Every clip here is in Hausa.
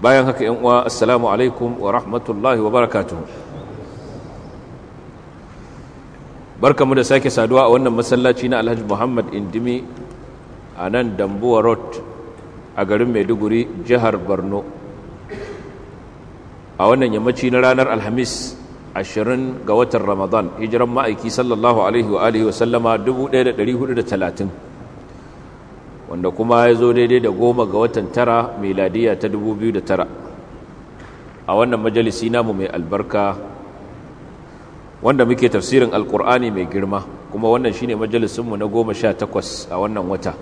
bayan haka yan uwa assalamu alaikum wa rahmatullahi wa barakatuhu barkamu da sake saduwa a wannan masallaci na Alhaji Muhammad Indimi a nan Dambuwa Road a garin Maiduguri jihar Borno a wannan yammaci na ranar Alhamis ashirin ga watan Ramadan hijiran ma'aiki sallallahu alaihi wa alihi wa sallama 1430 wanda kuma ya zo daidai da goma ga watan tara Ladiya ta 2009 a wannan majalisi namu mai albarka wanda muke tafsirin alkur'ani mai girma kuma wannan shine majalisinmu na goma sha takwas a wannan wata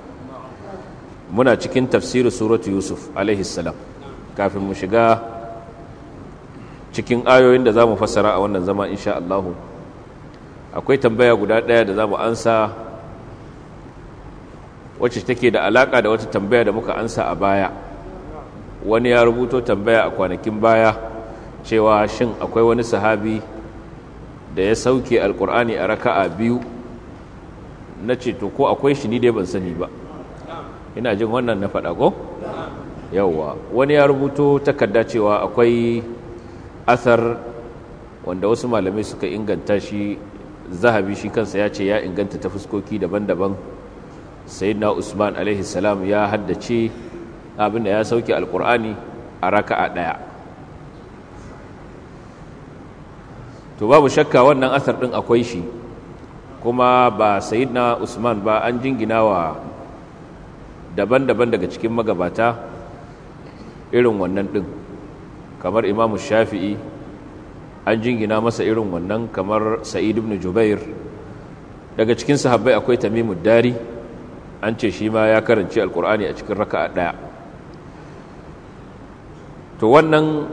muna cikin tafsirin suratu yusuf alaihissalam kafin mu shiga cikin ayoyin da za mu fassara a wannan zama insha akwai tambaya guda ɗaya da za mu ansa wacce take da alaka da wata tambaya da muka ansa a baya wani ya rubuto tambaya a kwanakin baya cewa shin akwai wani sahabi da ya sauke alkur'ani a raka'a biyu na ce ko akwai shi ni dai ban sani ba ina jin wannan na faɗa ko yawwa wani ya rubuto takarda cewa akwai asar wanda wasu malamai suka inganta shi zahabi shi kansa ya ce ya inganta ta fuskoki daban-daban sayyidina usman alaihi salam ya haddace abinda ya sauke alkur'ani a raka'a daya to babu shakka wannan asar din akwai shi kuma ba sayyidina usman ba an jingina wa daban-daban daga cikin magabata irin wannan din kamar imamu shafi'i an jingina masa irin wannan kamar sa'id ibn jubair daga cikin sahabbai akwai tamimud dari an ce shi ma ya karanci alkur'ani a cikin raka'a ɗaya to wannan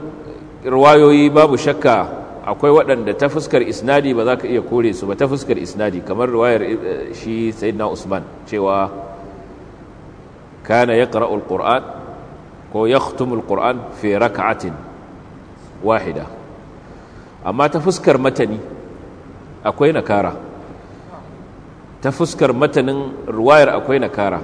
riwayoyi babu shakka akwai waɗanda ta fuskar isnadi ba za ka iya kore su ba ta fuskar isnadi kamar riwayar eh, shi sayyidina usman cewa kana ya ƙara'ul ƙur'an ko ya ƙur'an fi raka'atin wahida amma ta fuskar matani akwai nakara ta fuskar matanin ruwayar akwai nakara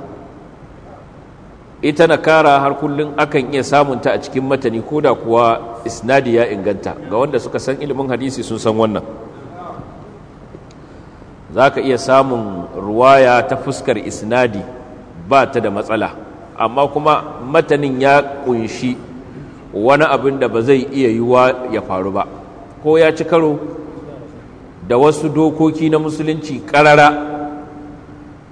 ita nakara har kullum akan iya samunta a cikin matani ko da kuwa isnadi ya inganta ga wanda suka san ilimin hadisi sun san wannan za ka iya samun ruwaya ta fuskar isnadi ba ta da matsala amma kuma matanin ya kunshi wani abin da ba zai iya yiwuwa ya faru ba ko ya ci karo da wasu dokoki na musulunci karara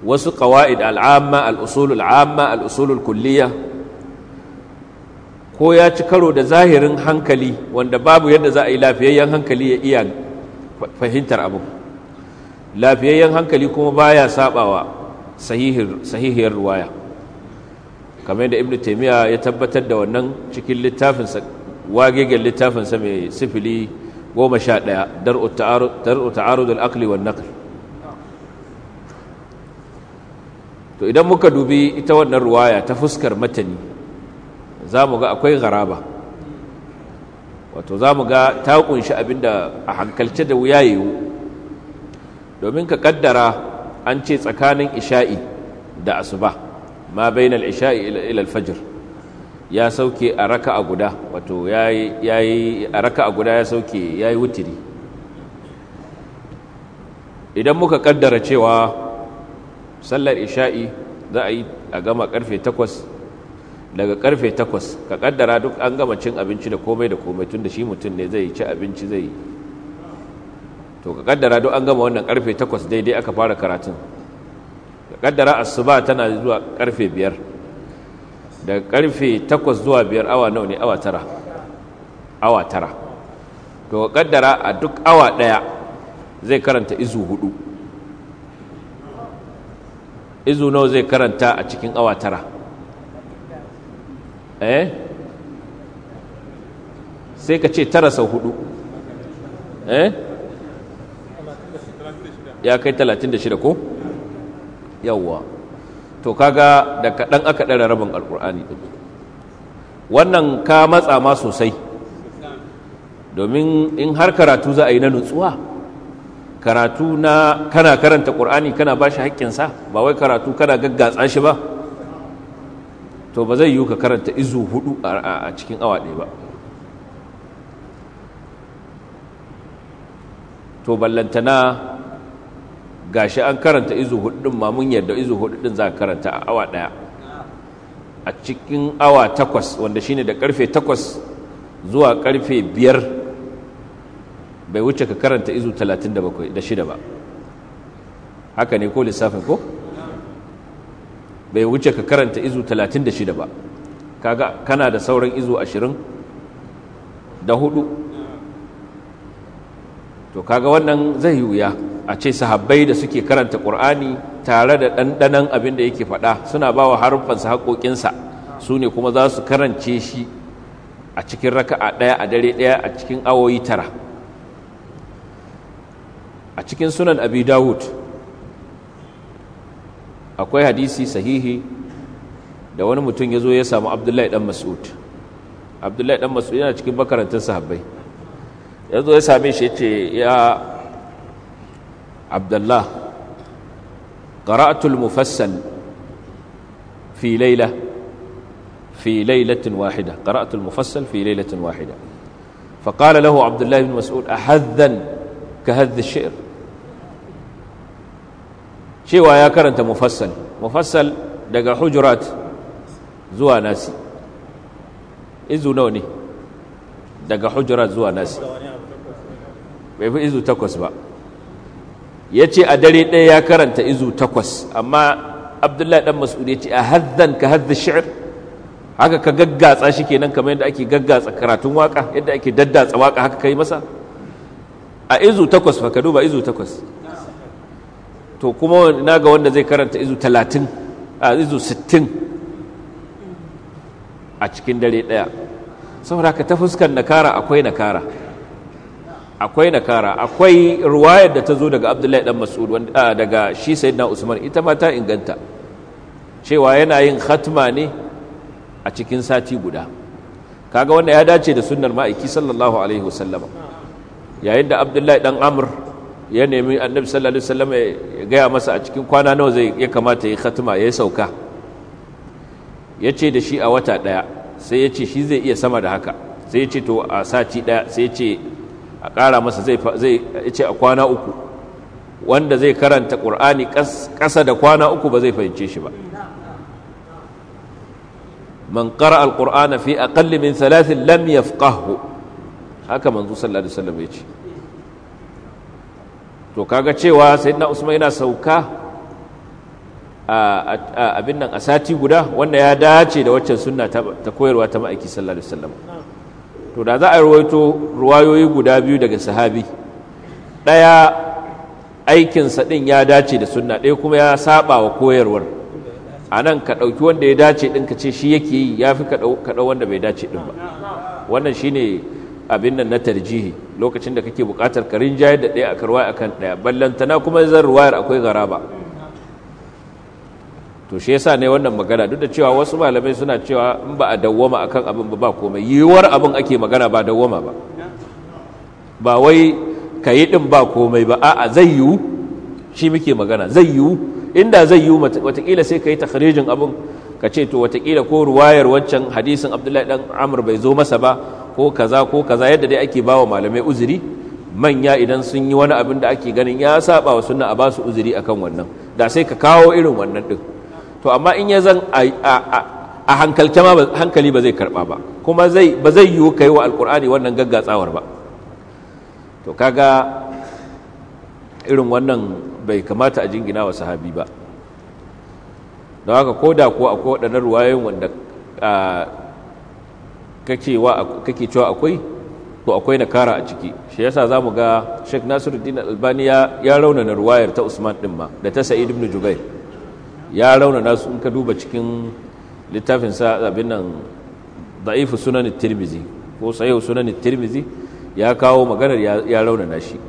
wasu ƙawa'id al'amma al'usulul amma al'usulul kulliya ko ya ci karo da zahirin hankali wanda babu yadda za a yi lafiyayyen hankali ya iya fahimtar abu lafiyayyen hankali kuma baya sabawa sahihiyar ruwaya kamar da ibn taimiyya ya tabbatar da wannan cikin littafinsa wagegen littafinsa mai sifili goma sha ɗaya dar'u ta'arudul aqli wan naql to idan muka dubi ita wannan ruwaya ta fuskar matani za mu ga akwai garaba wato za mu ga ta kunshi abinda a hankalce da wuya yiwu domin ka kaddara an ce tsakanin isha'i da asuba ma bainal isha'i ila alfajr ya sauke a raka a guda wato ya a raka a guda ya sauke ya yi wutiri idan muka kaddara cewa sallar isha'i za a yi a gama karfe takwas daga karfe takwas ka kaddara duk an gama cin abinci da komai da komai tun da shi mutum ne zai ci abinci zai yi to ka kaddara duk an gama wannan karfe takwas daidai aka fara karatun ka kaddara asuba tana zuwa karfe biyar daga karfe takwas zuwa biyar awa nawa ne awa tara awa tara to ka kaddara a duk awa daya zai karanta izu hudu izu nawa zai karanta a cikin awa tara eh sai ka ce tara sau hudu eh ya kai talatin da shida ko yawwa to kaga da kaɗan aka ɗara rabin alkur'ani wannan ka matsa ma sosai domin in har karatu za a yi na nutsuwa karatu na kana karanta ƙur'ani kana ba shi haƙƙinsa ba wai karatu kana gaggatsa shi ba to ba zai yiwu ka karanta izu hudu a cikin awa ɗaya ba to ballantana gashi an karanta izu hudu din ma mun yadda izu hudu din za karanta a awa ɗaya? a cikin awa takwas wanda shine da karfe takwas zuwa karfe biyar bai wuce ka karanta izu 37 da shida ba haka ne ko lissafin ko bai wuce ka karanta izu 36 ba kaga kana da sauran izu 20 da hudu to kaga wannan zai yi wuya a ce sahabbai da suke karanta ƙur'ani tare da ɗanɗanan abin da yake faɗa suna ba wa harufansa haƙoƙinsa su ne kuma za su karance shi a cikin raka'a ɗaya a dare ɗaya a cikin awoyi tara a cikin sunan abi dawud akwai hadisi sahihi da wani mutum ya zo ya samu abdullahi dan mas'ud abdullahi dan mas'ud yana cikin makarantar sahabbai ya zo ya same shi ya ce ya abdullah qara'atul mufassal fi layla fi lailatin wahida qara'atul mufassal fi lailatin wahida فقال له عبد الله بن مسعود ka hadda shi'r cewa ya karanta mufassal mufassal daga hujurat zuwa nasi izu nawa ne daga hujurat zuwa nasi bai fi izu takwas ba ya ce a dare ɗaya ya karanta izu takwas amma abdullahi ɗan masu ya ce a haddan ka hadda shi'r haka ka gaggatsa shi kenan kamar yadda ake gaggatsa karatun waka yadda ake daddatsa waka haka ka yi masa a izu takwas fa ka duba izu takwas to kuma na ga wanda zai karanta izu talatin a izu sittin a cikin dare ɗaya saboda ka ta fuskar nakara akwai nakara akwai nakara akwai ruwayar da ta zo daga abdullahi dan mas'ud daga shi na usman ita mata inganta cewa yana yin khatma ne a cikin sati guda kaga wanda ya dace da sunnar ma'aiki sallallahu alaihi wasallama yayin da abdullahi dan amur ya nemi annabi sallallahu alaihi wasallam ya gaya masa a cikin kwana nawa zai ya kamata ya khatima ya sauka ya ce da shi a wata daya sai ya ce shi zai iya sama da haka sai ya ce to a sati daya sai ya ce a ƙara masa zai ya ce a kwana uku wanda zai karanta ƙur'ani ƙasa da kwana uku ba zai fahimce shi ba man qara al-qur'ana fi aqalli min thalathin lam yafqahu haka manzo sallallahu alaihi wasallam ya to kaga cewa sayyidina usman yana sauka a abin nan a sati guda wanda ya dace da waccan sunna ta koyarwa ta ma'aiki sallallahu alaihi wasallam to da za a rawaito ruwayoyi guda biyu daga sahabi ɗaya aikinsa din ya dace da sunna ɗaya kuma ya saba wa koyarwar anan nan ka dauki wanda ya dace din ka ce shi yake yi ya fi ka wanda bai dace din ba wannan shine abin nan na tarjihi lokacin da kake buƙatar ka rinjayar da ɗaya a karwa a kan ɗaya ballantana kuma zan ruwayar akwai garaba to shi yasa ne wannan magana duk da cewa wasu malamai suna cewa in ba a dawwama akan abin ba ba komai yiwuwar abin ake magana ba dawwama ba ba wai ka yi ɗin ba komai ba a'a zai yiwu shi muke magana zai yiwu inda zai yiwu watakila sai ka yi takharijin abin ka ce to watakila ko ruwayar wancan hadisin abdullahi dan amr bai zo masa ba ko kaza ko kaza yadda dai ake bawa malamai uzuri manya idan sun yi wani abin da ake ganin ya saba wa sunna a ba su uzuri akan wannan da sai ka kawo irin wannan din to amma in ya zan a hankalce ma hankali ba zai karba ba kuma zai ba zai yiwu kai wa alkur'ani wannan gaggatsawar ba to kaga irin wannan bai kamata a jingina wa sahabi ba don haka ko da ko akwai waɗannan ruwayoyin wanda kake cewa akwai to akwai na kara a ciki shi yasa za mu ga sheikh nasiruddin albani ya raunana ruwayar ta usman din ma da ta sa'id ibn jubair ya raunana su in ka duba cikin littafin sa abin nan da'ifu sunan tirmizi ko sahih sunan tirmizi ya kawo maganar ya raunana shi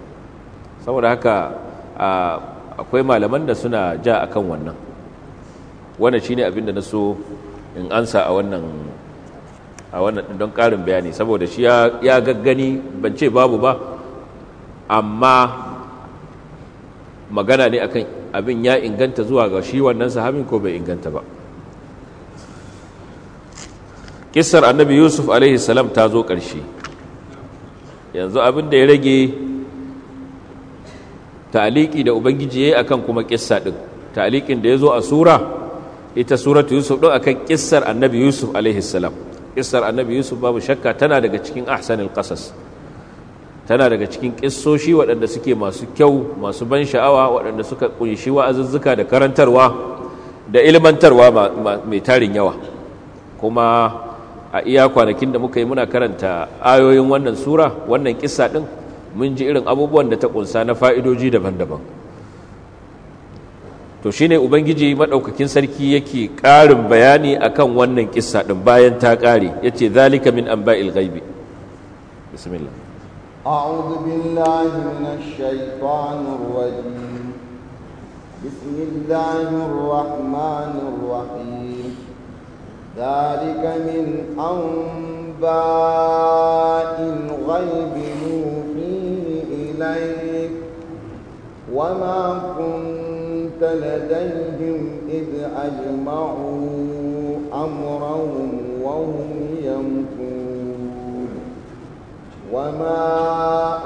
saboda haka akwai malaman da suna ja akan wannan wannan shine abin da na so in ansa a wannan a wannan don ƙarin bayani saboda shi ya gaggani ban ce babu ba amma magana ne akan abin ya inganta zuwa ga shi wannan sahamin ko bai inganta ba kissar annabi yusuf alaihi salam ta zo ƙarshe yanzu abin da ya rage taliki da ubangiji ya akan kuma kissa ɗin talikin da ya zo a sura ita suratu yusuf ɗin akan kissar annabi yusuf alaihi salam Ƙisar annabi yusuf babu shakka tana daga cikin ahsanil qasas tana daga cikin kisoshi waɗanda suke masu kyau masu ban sha'awa waɗanda suka kunshi wa'azuzzuka da karantarwa da ilmantarwa mai tarin yawa kuma a iya kwanakin da muka yi muna karanta ayoyin wannan sura wannan kisa ɗin mun ji irin abubuwan da ta ƙunsa na fa'idoji daban-daban to shine ubangiji madaukakin sarki yake ƙarin bayani akan wannan kissa din bayan ta ƙare yace zalika min anba'il ghaibi bismillah a'udhu billahi minash shaitanir rajim bismillahir rahmanir rahim zalika min anba'il ghaibi nuhihi ilayk wama kunna لديهم إذ أجمعوا أمرهم وهم يمكون وما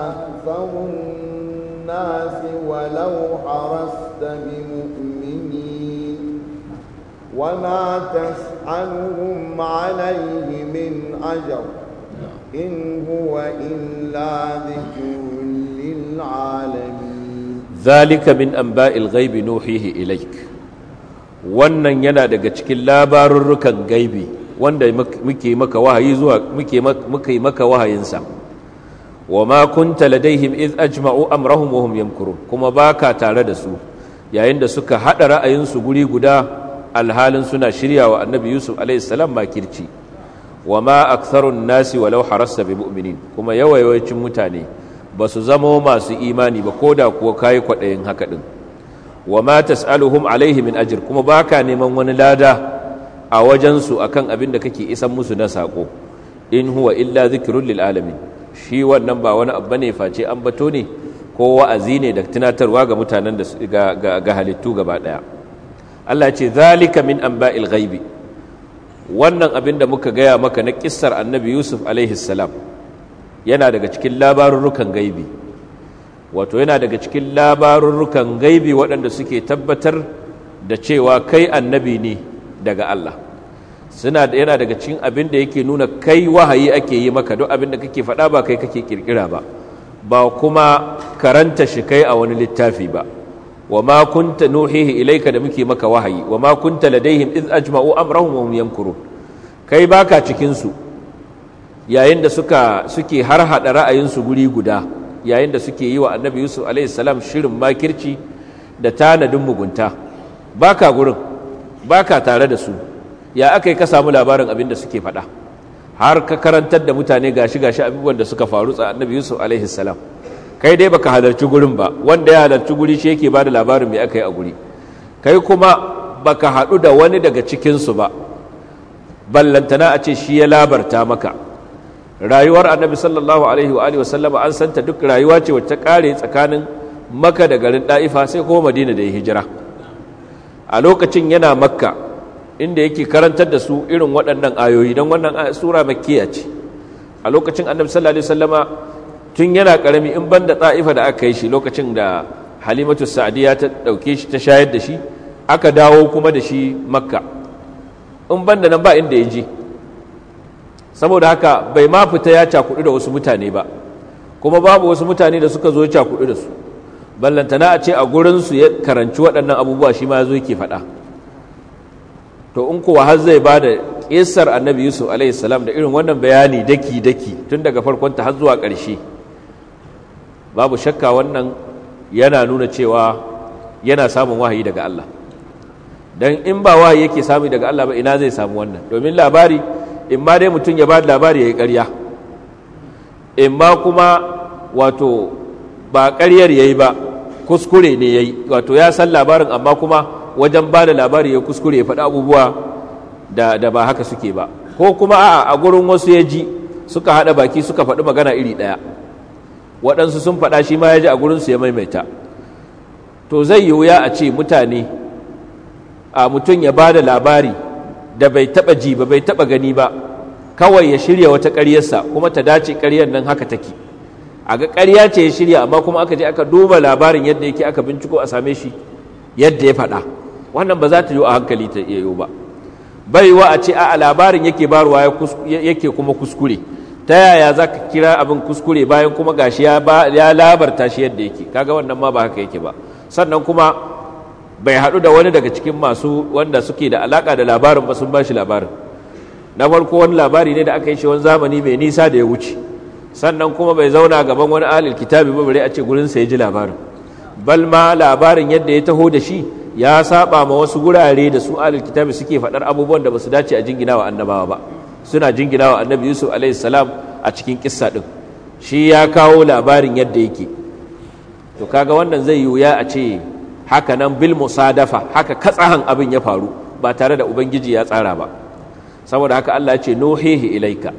أكثر الناس ولو حرست بمؤمنين وما تسألهم عليه من أجر إن هو إلا ذكر للعالمين zalika min anba'il ghaibi nuhihi ilaik wannan yana daga cikin labarurrukan gaibi wanda muke maka wahayi zuwa muke maka wahayinsa wa ma kunta ladaihim iz ajma'u amrahum wa hum yamkurun kuma baka tare da su yayin da suka hada ra'ayinsu guri guda alhalin suna shiryawa annabi yusuf alaihi salam makirci wa ma aktharun nasi walau harasta bi mu'minin kuma yawayawacin mutane ba su zamo masu imani ba ko da kuwa kayi kwaɗayin haka ɗin wa ma tas'aluhum alaihi min ajir kuma baka neman wani lada a wajensu akan abin da kake isan musu na saƙo in huwa illa zikirun lil alamin shi wannan ba wani abu ne face an bato ne ko wa'azi ne da tunatarwa ga mutanen da ga halittu gaba ɗaya Allah ce zalika min anba'il ghaibi wannan abin da muka gaya maka na kissar annabi Yusuf alaihi salam yana daga cikin labarurrukan gaibi wato yana daga cikin labarurrukan gaibi waɗanda suke tabbatar da cewa kai annabi ne daga Allah suna yana daga cikin abin da yake nuna kai wahayi ake yi maka duk abin da kake faɗa ba kai kake kirkira ba ba kuma karanta shi kai a wani littafi ba wa ma kunta nuhihi ilaika da muke maka wahayi wa ma kunta ladaihim iz ajma'u amrahum wa hum yamkurun kai baka cikin su yayin da suka suke har hada ra'ayinsu guri guda yayin da suke yi wa annabi yusuf alaihissalam shirin makirci da tanadin mugunta ba gurin ba tare da su ya aka yi ka samu labarin abin da suke faɗa har ka karantar da mutane gashi gashi abubuwan da suka faru tsa annabi yusuf alaihissalam kai dai baka halarci gurin ba wanda ya halarci guri shi yake bada labarin mai aka yi a guri kai kuma baka haɗu da wani daga cikinsu ba ballantana a ce shi ya labarta maka rayuwar annabi sallallahu alaihi wa alihi wasallama an santa duk rayuwa ce wacce kare tsakanin maka da garin da'ifa sai ko madina da ya hijira a lokacin yana makka inda yake karantar da su irin waɗannan ayoyi don wannan sura makkiya ce a lokacin annabi sallallahu alaihi wasallama tun yana karami in banda da'ifa da aka yi shi lokacin da halimatu sa'diya ta dauke shi ta shayar da shi aka dawo kuma da shi makka in banda nan ba inda ya je saboda haka bai ma fita ya cakudu da wasu mutane ba kuma babu wasu mutane da suka zo ya cakudu da su ballantana a ce a gurinsu ya karanci waɗannan abubuwa shi ma ya zo yake faɗa to in kuwa har zai ba da ƙisar annabi yusuf alaihissalam da irin wannan bayani daki-daki tun daga farkonta har zuwa ƙarshe babu shakka wannan yana nuna cewa yana samun wahayi daga allah don in ba wahayi yake sami daga allah ba ina zai samu wannan domin labari in ma dai mutum ya ba da labari ya yi ƙarya in ma kuma wato ba ƙaryar ya yi ba kuskure ne ya yi wato ya san labarin amma kuma wajen ba da labari ya kuskure ya faɗi abubuwa da, ba haka suke ba ko kuma a, a gurin wasu ya ji suka haɗa baki suka faɗi magana iri ɗaya waɗansu sun faɗa shi ma ya ji a gurinsu ya maimaita to zai yi wuya a ce mutane a mutum ya ba da labari da bai taba ji ba bai taba gani ba kawai ya shirya wata ƙaryarsa kuma ta dace ƙaryar nan haka take a ga ƙarya ce ya shirya amma kuma aka je aka duba labarin yadda yake aka binciko a same shi yadda ya faɗa wannan ba za ta yi a hankali ta iya ba bai wa a ce a labarin yake barwa yake kuma kuskure ta yaya za ka kira abin kuskure bayan kuma gashi ya labarta shi yadda yake kaga wannan ma ba haka yake ba sannan kuma bai haɗu da wani daga cikin masu wanda suke da alaƙa da labarin ba sun ba shi labarin na farko wani labari ne da aka yi shi wani zamani mai nisa da ya wuce sannan kuma bai zauna gaban wani alil kitabi ba bare a ce gurinsa ya ji labarin bal ma labarin yadda ya taho da shi ya saba ma wasu gurare da su alil kitabi suke faɗar abubuwan da ba su dace a jingina wa annabawa ba suna jingina wa annabi yusuf alaihi salam a cikin kissa ɗin shi ya kawo labarin yadda yake to kaga wannan zai yi wuya a ce haka nan bil musadafa haka katsahan abin ya faru ba tare da ubangiji ya tsara ba saboda haka Allah ya ce nuhihi ilaika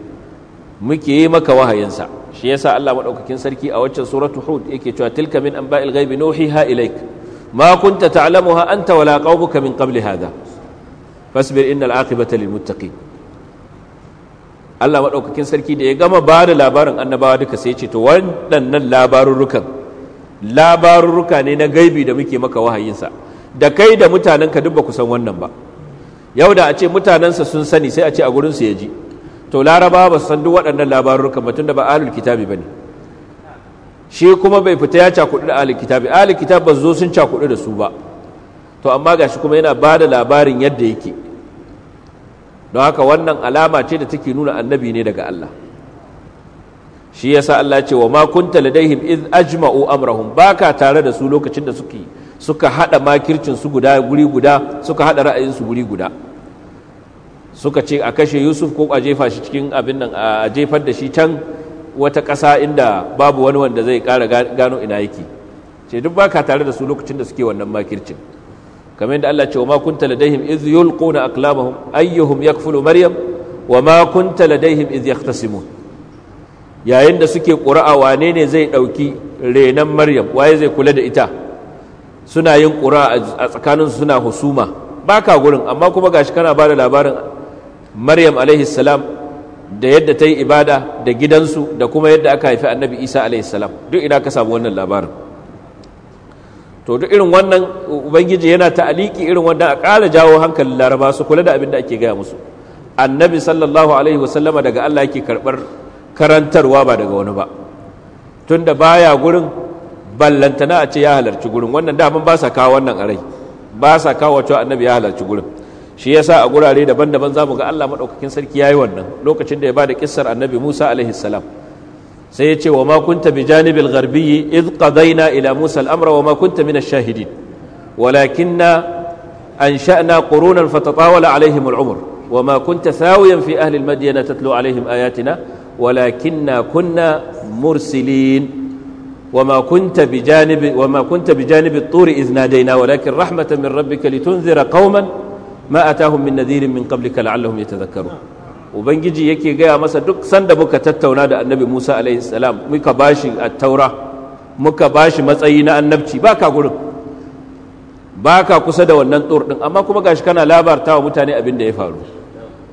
muke yi maka wahayinsa shi yasa Allah madaukakin sarki a waccan suratu hud yake cewa tilka min anba'il ghaibi nuhiha ilaika ma kunta ta'lamuha anta wala qaumuka min qabli hadha fasbir innal aqibata lil muttaqin Allah madaukakin sarki da ya gama ba da labarin annabawa duka sai ya ce to waɗannan labarurrukan labarurruka ne na gaibi da muke maka wahayinsa da kai da mutanenka duk ba ku wannan ba yau da a ce mutanensa sun sani sai a ce a gurinsu ya ji to laraba ba san duk waɗannan labarurruka ba da ba alul kitabi ba ne shi kuma bai fita ya cakuɗu da alul kitabi alul kitabi ba zo sun cakuɗu da su ba to amma gashi kuma yana ba da labarin yadda yake don haka wannan alama ce da take nuna annabi ne daga Allah shi yasa Allah ce wa ma kunta ladaihim iz ajma'u amrahum baka tare da su lokacin da suke suka hada makircin su guda guri guda suka hada ra'ayin su guri guda suka ce a kashe Yusuf ko a jefa shi cikin abin nan a jefar da shi can wata ƙasa inda babu wani wanda zai ƙara gano ina yake ce duk baka tare da su lokacin da suke wannan makircin kamar yadda Allah ce wa ma kunta ladaihim iz yulquna aqlamahum ayyuhum yakfulu maryam wa ma kunta ladaihim iz yahtasimun yayin da suke ƙura'a wane ne zai ɗauki renan maryam waye zai kula da ita suna yin ƙura'a a tsakanin suna husuma ba ka gurin amma kuma gashi kana ba da labarin maryam alaihissalam da yadda ta yi ibada da gidansu da kuma yadda aka haifi annabi isa alaihissalam duk ina ka samu wannan labarin to duk irin wannan ubangiji yana ta'aliki irin wannan a ƙara jawo hankalin laraba su kula da abin da ake gaya musu annabi sallallahu alaihi wasallama daga allah yake karɓar karantarwa ba daga wani ba tunda baya gurin ballantana a ce ya halarci gurin wannan daman ba sa kawo wannan arai ba sa kawo cewa annabi ya halarci gurin shi yasa a gurare daban-daban zamu ga Allah maɗaukakin sarki yi wannan lokacin da ya bada kisar annabi Musa alaihi sai ya ce wa makunta bi janibil gharbiyyi id ila Musa al-amra wa ma kunta min ash na walakinna أنشأنا قرونا فتطاول عليهم العمر وما كنت ثاويا في أهل المدينة تتلو عليهم آياتنا na kunna mursilin wama kunta bijanibi wama kunta bijanibi at-turi idna daina walakin rahmatan min rabbika litunzira qauman ma atahum min nadhirin min qablika la'allahum yatadhakkarun ubangiji yake gaya masa duk sanda muka tattauna da annabi Musa alaihi salam muka bashi at-taura muka bashi matsayi na annabci baka gurin ba kusa da wannan ɗin amma kuma gashi kana labarta wa mutane abin da ya faru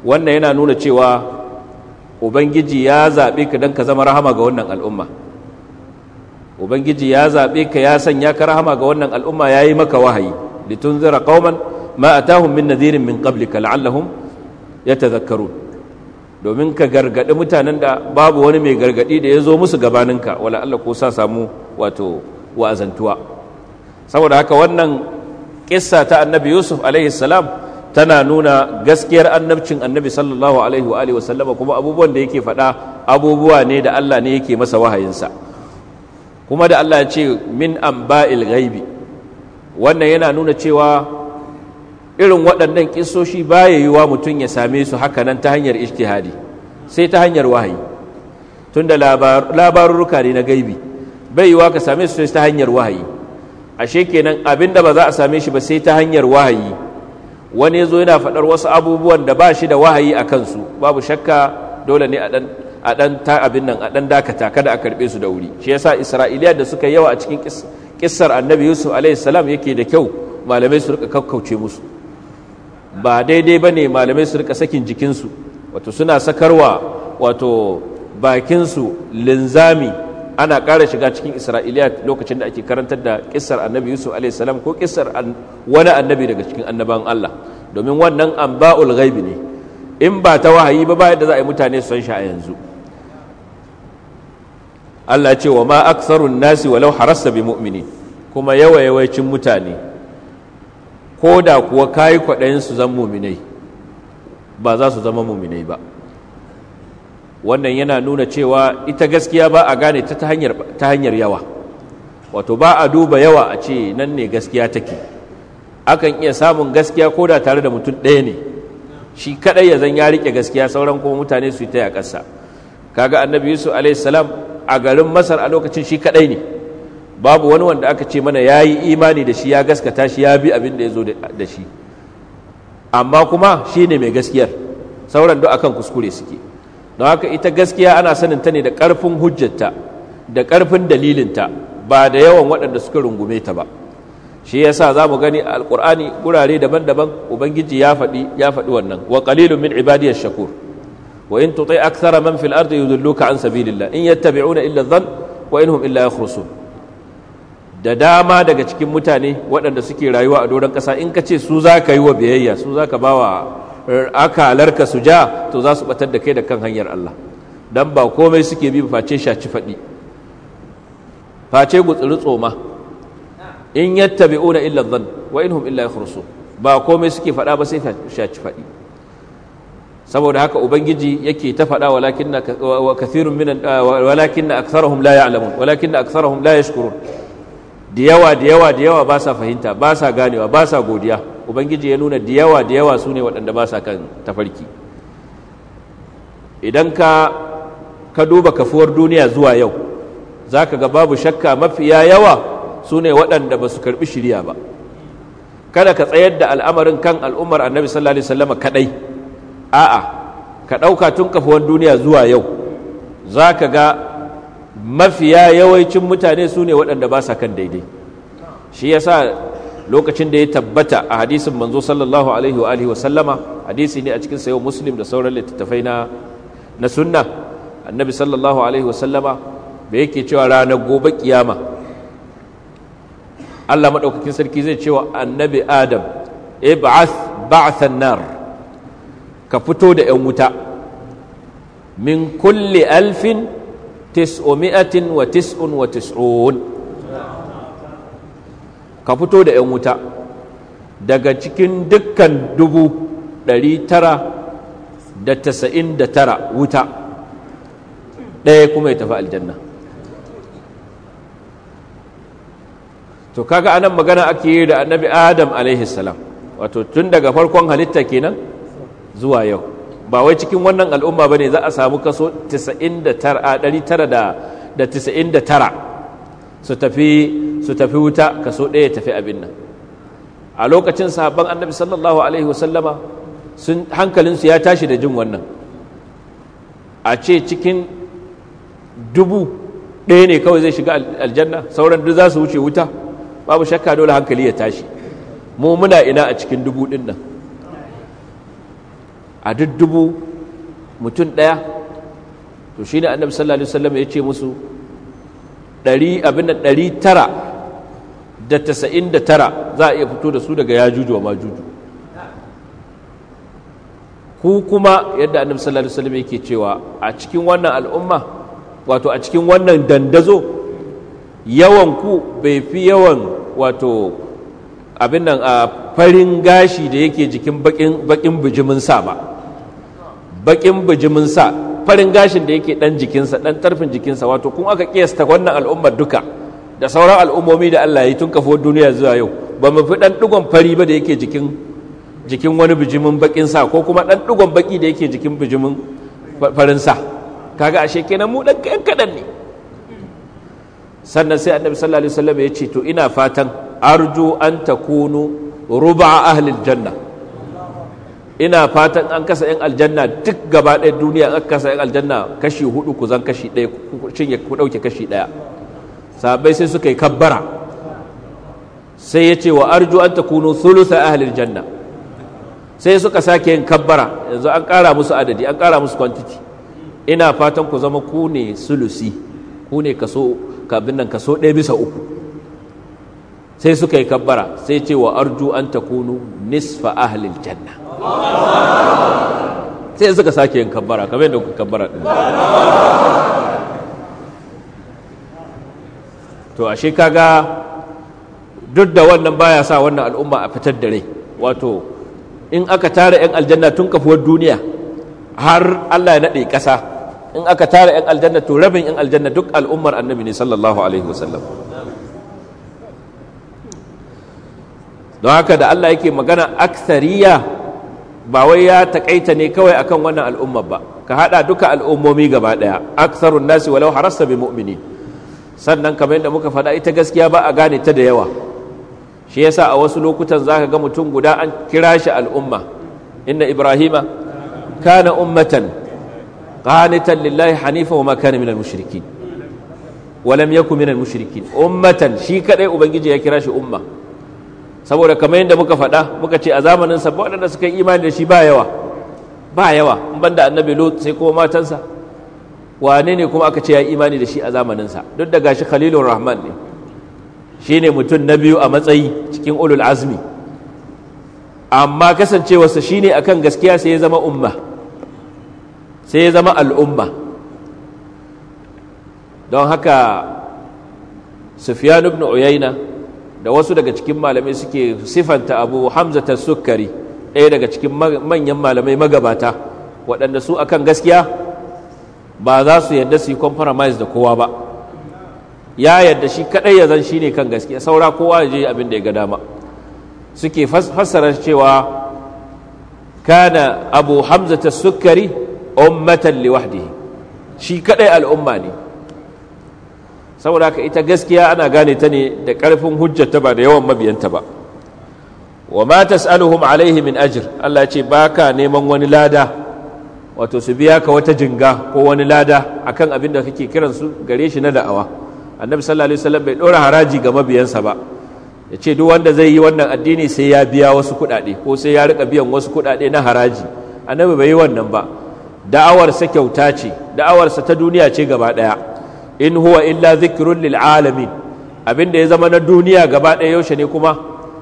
wannan yana nuna cewa ubangiji ya zaɓe ka don ka zama rahama ga wannan al'umma ubangiji ya zaɓe ka ya sanya ka rahama ga wannan al'umma ya yi maka wahayi litun qauman ma ma'atahun min nazirin min qablika ya yatadhakkarun domin ka gargaɗi mutanen da babu wani mai gargaɗi da ya zo musu gabaninka wala Allah ko sa samu wato wa'azantuwa saboda haka wannan ƙissa ta annabi yusuf alaihi salam tana nuna gaskiyar annabcin annabi sallallahu alaihi wa alihi wasallama kuma abubuwan da yake faɗa abubuwa ne da Allah ne yake masa wahayinsa kuma da Allah ya ce min amba'il ghaibi wannan yana nuna cewa irin waɗannan kisoshi baya yiwuwa mutum ya same su haka nan ta hanyar ijtihadi sai ta hanyar wahayi tunda labarurruka ne na gaibi bai yiwuwa ka same su sai ta hanyar wahayi ashe kenan abinda ba za a same shi ba sai ta hanyar wahayi wani ya zo yana faɗar wasu abubuwan da ba shi da wahayi a kansu babu shakka dole ne a ɗan ta abin nan a ɗan dakata kada a karɓe su da wuri shi yasa isra'iliya da suka yawa a cikin kissar annabi yusuf alaihi yake da kyau malamai su rika kakkauce musu ba daidai ba ne malamai su rika sakin jikinsu wato suna sakarwa wato bakinsu linzami ana ƙara shiga cikin isra'iliya lokacin da ake karantar da ƙisar annabi yusuf alaihissalam ko ƙisar wani annabi daga cikin annaban allah domin wannan amba'ul ghaibi ne in ba ta wahayi ba ba yadda za a yi mutane son san shi a yanzu allah ce wa ma aksarun nasi walau harasta bi mu'mini kuma yawa yawaicin mutane ko da kuwa kayi kwaɗayin su zan muminai ba za su zama muminai ba wannan yana nuna cewa ita gaskiya ba a gane ta ta hanyar yawa wato ba a duba yawa a ce nan ne gaskiya take akan iya samun gaskiya ko da tare da mutum ɗaya ne shi kaɗai ya zan ya riƙe gaskiya sauran kuma mutane su yi ta yaƙarsa kaga annabi yusuf salam a garin masar a lokacin shi kaɗai ne babu wani wanda aka ce mana ya yi imani da shi ya gaskata shi ya bi abin da ya zo da shi amma kuma shi ne mai gaskiyar sauran duk akan kuskure suke don haka ita gaskiya ana sanin ta ne da ƙarfin hujjarta da ƙarfin dalilinta ba da yawan waɗanda suka rungume ta ba shi yasa za mu gani a alƙur'ani gurare daban-daban ubangiji ya faɗi ya faɗi wannan wa qalilun min ibadiyash shakur wa in tuti akthara man fil ardi yudilluka an sabilillah in yattabi'una illa dhann wa inhum illa yakhrusun da dama daga cikin mutane waɗanda suke rayuwa a doron ƙasa in ka ce su za ka yi wa biyayya su za ka ba wa Er, akalarka su ja to za su batar da kai da kan hanyar Allah dan ba komai suke bi face shaci faɗi face gutsuri tsoma in yattabi'una illa dhann wa inhum illa yakhrusun ba komai suke faɗa ba sai shaci faɗi saboda haka ubangiji yake ta faɗa walakinna wa kathirun minan ah, walakinna aktharuhum la ya'lamun walakinna aktharuhum la yashkurun da yawa da yawa da yawa ba sa fahimta ba sa ganewa ba sa godiya ubangiji ya nuna da yawa da yawa su ne waɗanda ba sa kan tafarki idan ka ka duba kafuwar duniya zuwa yau za ka ga babu shakka mafiya yawa su ne waɗanda ba su karɓi shirya ba kada ka tsayar da al'amarin kan al'ummar annabi sallallahu alaihi wasallam kaɗai a'a ka ɗauka tun kafuwar duniya zuwa yau za ka ga mafiya yawancin mutane su ne waɗanda ba kan daidai shi yasa lokacin da ya tabbata a hadisin manzo sallallahu alaihi wa alihi wa sallama hadisi ne a cikin sayo muslim da sauran littattafai na na sunna annabi sallallahu alaihi wa sallama da yake cewa ranar gobe kiyama Allah madaukakin sarki zai cewa annabi adam ib'ath ba'than nar ka fito da yan wuta min kulli alfin tis'umi'atin wa tis'un wa tis'un ka fito da 'yan wuta daga cikin dukkan dubu ɗari tara da tasa'in da tara wuta ɗaya kuma ya tafi aljanna to kaga anan magana ake yi da annabi adam alaihi salam wato tun daga farkon halitta kenan zuwa yau ba wai cikin wannan al'umma ba ne za a samu kaso tara su tafi su tafi wuta kaso ɗaya tafi abin nan a lokacin sahabban annabi sallallahu alaihi wasallama sun hankalinsu ya tashi da jin wannan a ce cikin dubu ɗaya ne kawai zai shiga aljanna sauran duk za su wuce wuta babu shakka dole hankali ya tashi mu muna ina a cikin dubu ɗin nan a duk dubu mutum ɗaya to shi ne annabi sallallahu alaihi wasallam ya ce musu ɗari abin da ɗari tara da tasa'in da tara za a iya fito da su daga ya juju wa juju ku kuma yadda annabi sallallahu alaihi wasallam yake cewa a cikin wannan al'umma wato a cikin wannan dandazo yawan ku bai fi yawan wato abin nan a farin gashi da yake jikin bakin bijimin sa ba bakin bijimin sa farin gashin da yake dan jikinsa dan tarfin jikinsa wato kun aka kiyasta wannan al'ummar duka da sauran al'ummomi da Allah ya tun kafuwar duniya zuwa yau ba mu fi ɗan ɗigon fari ba da yake jikin jikin wani bijimin bakin sa ko kuma ɗan ɗigon baki da yake jikin bijimin farin sa kaga ashe kenan mu ɗan kayan kaɗan ne sannan sai annabi sallallahu alaihi wasallam ya ce to ina fatan arju an takunu ruba ahlil janna ina fatan an kasa yan aljanna duk gaba ɗaya duniya an kasa yan aljanna kashi hudu ku zan kashi ɗaya ku cinye ku ɗauke kashi ɗaya sahabbai sai suka yi kabbara sai ya ce wa arju an ta kunu thulutha ahlil janna sai suka sake yin kabbara yanzu an kara musu adadi an kara musu quantity ina fatan ku zama ku ne sulusi ku ne kaso kabin nan kaso ɗaya bisa uku sai suka yi kabbara sai ce wa arju an ta kunu nisfa ahlil janna sai suka sake yin kabbara kamar yadda kuka kabbara ɗin to ashe kaga duk da wannan baya sa wannan al'umma a fitar da rai wato in aka tara 'yan aljanna tun kafuwar duniya har Allah ya naɗe ƙasa in aka tara 'yan aljanna to rabin 'yan aljanna duk al'ummar annabi ne sallallahu alaihi wasallam don haka da Allah yake magana aksariya ba wai ya takaita ne kawai akan wannan al'ummar ba ka haɗa duka al'ummomi gaba ɗaya aksarun nasi walau harasta bi mu'mini sannan kamar yadda muka faɗa ita gaskiya ba a gane ta da yawa shi yasa a wasu lokutan zaka ga mutum guda an kira shi al'umma inna ibrahima kana ummatan qanitan lillahi hanifa wa ma kana minal mushrikin wa lam yakun minal mushrikin ummatan shi kadai ubangiji ya kira shi umma saboda kamar yadda muka faɗa muka ce a zamanin sa waɗanda suka imani da shi ba yawa ba yawa in banda annabi lut sai kuma matansa wane ne kuma aka ce ya imani da shi a zamaninsa duk da gashi Khalilun rahman ne shi ne mutum na biyu a matsayi cikin ulul azmi amma kasancewarsa shi ne akan gaskiya sai ya zama umma sai ya zama al'umma don haka sufyan ibn uyayna da wasu daga cikin malamai suke sifanta abu hamza ta ɗaya daga cikin manyan malamai magabata waɗanda su akan gaskiya ba za su yadda su yi compromise da kowa ba ya yadda shi kadai ya zan shi ne kan gaskiya saura kowa ya je abin da ya ga dama suke fassara cewa kana abu hamza ta sukari ummatan liwahdihi shi kadai al'umma ne saboda ka ita gaskiya ana gane ta ne da karfin hujjata ba da yawan mabiyanta ba wa ma tas'aluhum alaihi min ajr Allah ya ce baka neman wani lada wato su biya ka wata jinga ko wani lada akan abin da kake kiransu gare shi na da'awa annabi sallallahu alaihi wasallam bai dora haraji ga mabiyansa ba ya ce duk wanda zai yi wannan addini sai ya biya wasu kuɗaɗe ko sai ya rika biyan wasu kuɗaɗe na haraji annabi bai yi wannan ba da'awarsa kyauta ce da'awarsa ta duniya ce gaba ɗaya in huwa illa zikrun lil alamin abin da ya zama na duniya gaba ɗaya yaushe ne kuma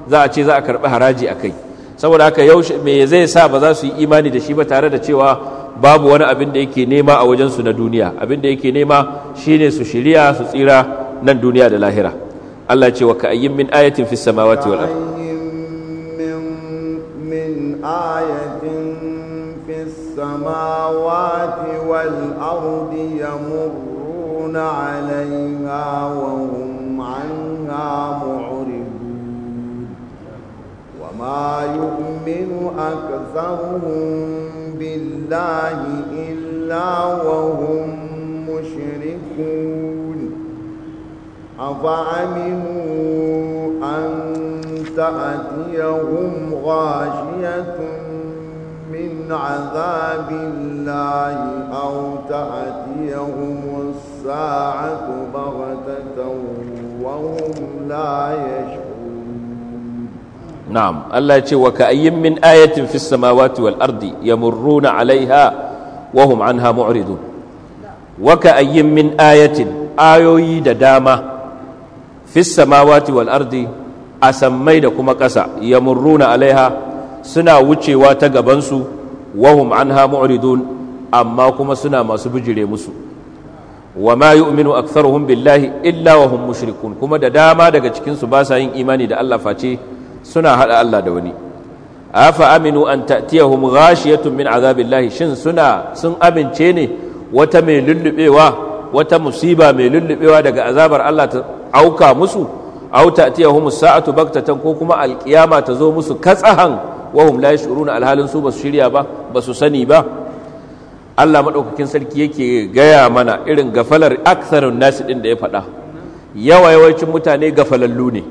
za a ce za a karɓi haraji a kai saboda haka yaushe me zai sa ba za su yi imani da shi ba tare da cewa babu wani abin da yake nema a wajensu na duniya abin da yake nema shine su shirya su tsira nan duniya da lahira Allah ce wa ka'ayyin min ayatin fis samawati wal ard min ayatin fis samawati wal ard yamurruna 'alayha wa hum 'anha mu'ridun wa ma yu'minu aktharuhum بالله إلا وهم مشركون أفأمنوا أن تأتيهم غاشية من عذاب الله أو تأتيهم الساعة بغتة وهم لا يشعرون na'am Allah ya ce wa ka'ayyin min ayatin fis samawati wal ardi yamurruna 'alaiha wa hum anha mu'ridun wa ka'ayyin min ayatin ayoyi da dama fis samawati wal ardi asammai da kuma ƙasa yamurruna 'alaiha suna wucewa ta gaban su wa hum anha mu'ridun amma kuma suna masu bijire musu wa ma yu'minu aktharuhum billahi illa wa hum mushrikun kuma da dama daga cikinsu su ba sa yin imani da Allah face suna haɗa Allah da wani afa aminu an ta'tiyahum ghashiyatun min azabillahi shin suna sun amince ne wata mai lullubewa wata musiba mai lullubewa daga azabar Allah ta auka musu aw ta'tiyahum sa'atu baktatan ko kuma alqiyama ta zo musu katsahan wa hum la yashuruna alhalin su basu shirya ba basu sani ba Allah madaukakin sarki yake gaya mana irin gafalar aktharun nasi din da ya faɗa yawa yawancin mutane gafalallu ne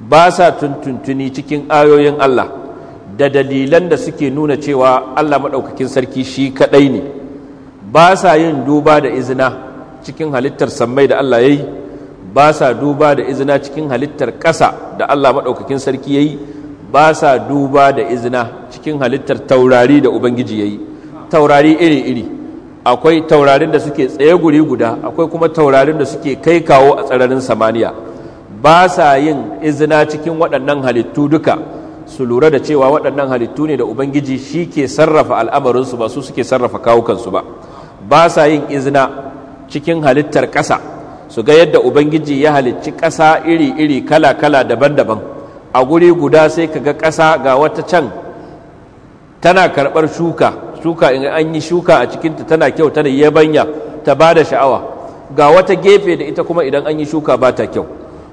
ba sa tuntuntuni cikin ayoyin Allah da dalilan da suke nuna cewa Allah maɗaukakin sarki shi kaɗai ne ba sa yin duba da izina cikin halittar sammai da Allah ya yi ba sa duba da izina cikin halittar ƙasa da Allah maɗaukakin sarki ya yi ba sa duba da izina cikin halittar taurari da Ubangiji ya yi taurari iri-iri akwai taurarin da suke tsaye guri guda akwai kuma taurarin da suke kai kawo a tsararin samaniya ba sa yin izina cikin waɗannan halittu duka su lura da cewa waɗannan halittu ne da ubangiji shi ke sarrafa al'amarinsu ba su suke sarrafa kawukansu ba ba sa yin izina cikin halittar ƙasa su ga yadda ubangiji ya halicci ƙasa iri-iri kala-kala daban-daban a guri guda sai ka ga ƙasa ga wata can tana karɓar shuka shuka in an yi shuka a cikinta tana kyau tana yabanya ta ba da sha'awa ga wata gefe da ita kuma idan an yi shuka ba ta kyau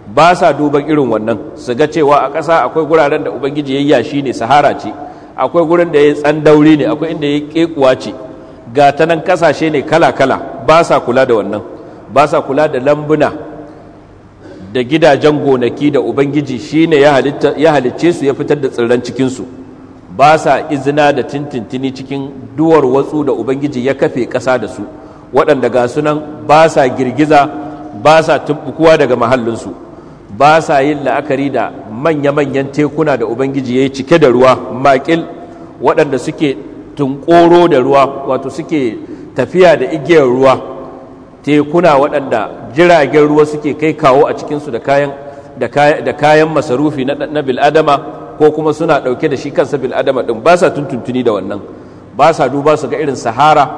ba sa duban irin wannan su ga cewa a ƙasa akwai guraren da ubangiji ya yashi ne sahara ce akwai gurin da ya yi tsandauri ne akwai inda ya yi ƙekuwa ce ga ta nan ƙasashe ne kala-kala ba sa kula da wannan ba sa kula da lambuna da gidajen gonaki da ubangiji shi ne ya halicce su ya fitar da tsirran cikinsu ba sa izina da tintintini cikin duwar watsu da ubangiji ya kafe ƙasa da su waɗanda ga sunan ba sa girgiza ba sa tumɓukuwa daga mahallinsu ba sa yin la'akari da manya-manyan tekuna da ubangiji ya yi cike da ruwa makil waɗanda suke tunƙoro da ruwa wato suke tafiya da igiyar ruwa tekuna waɗanda jiragen ruwa suke kai kawo a cikinsu da kayan da kayan masarufi na bil'adama ko kuma suna ɗauke da shi kansa bil'adama ɗin ba sa tuntuntuni da wannan ba sa duba su ga irin sahara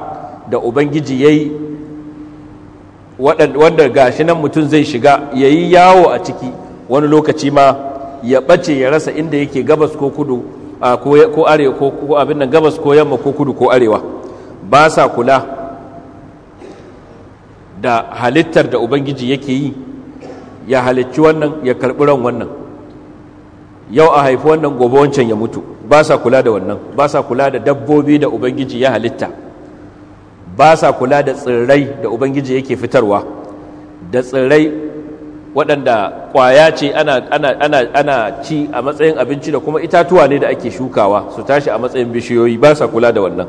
da ubangiji ya yi wanda gashi nan mutum zai shiga ya yi yawo a ciki wani lokaci ma ya ɓace ya rasa inda yake gabas ko kudu ko arewa ko abin nan gabas ko yamma ko kudu ko arewa ba sa kula da halittar da ubangiji yake yi ya halicci wannan ya karɓi ran wannan yau a haifi wannan gobe wancan ya mutu ba sa kula da wannan ba sa kula da dabbobi da ubangiji ya halitta ba sa kula da tsirrai da ubangiji yake fitarwa da tsirrai waɗanda ƙwaya ce ana ci a matsayin abinci da kuma itatuwa ne da ake shukawa su tashi a matsayin bishiyoyi ba sa kula da wannan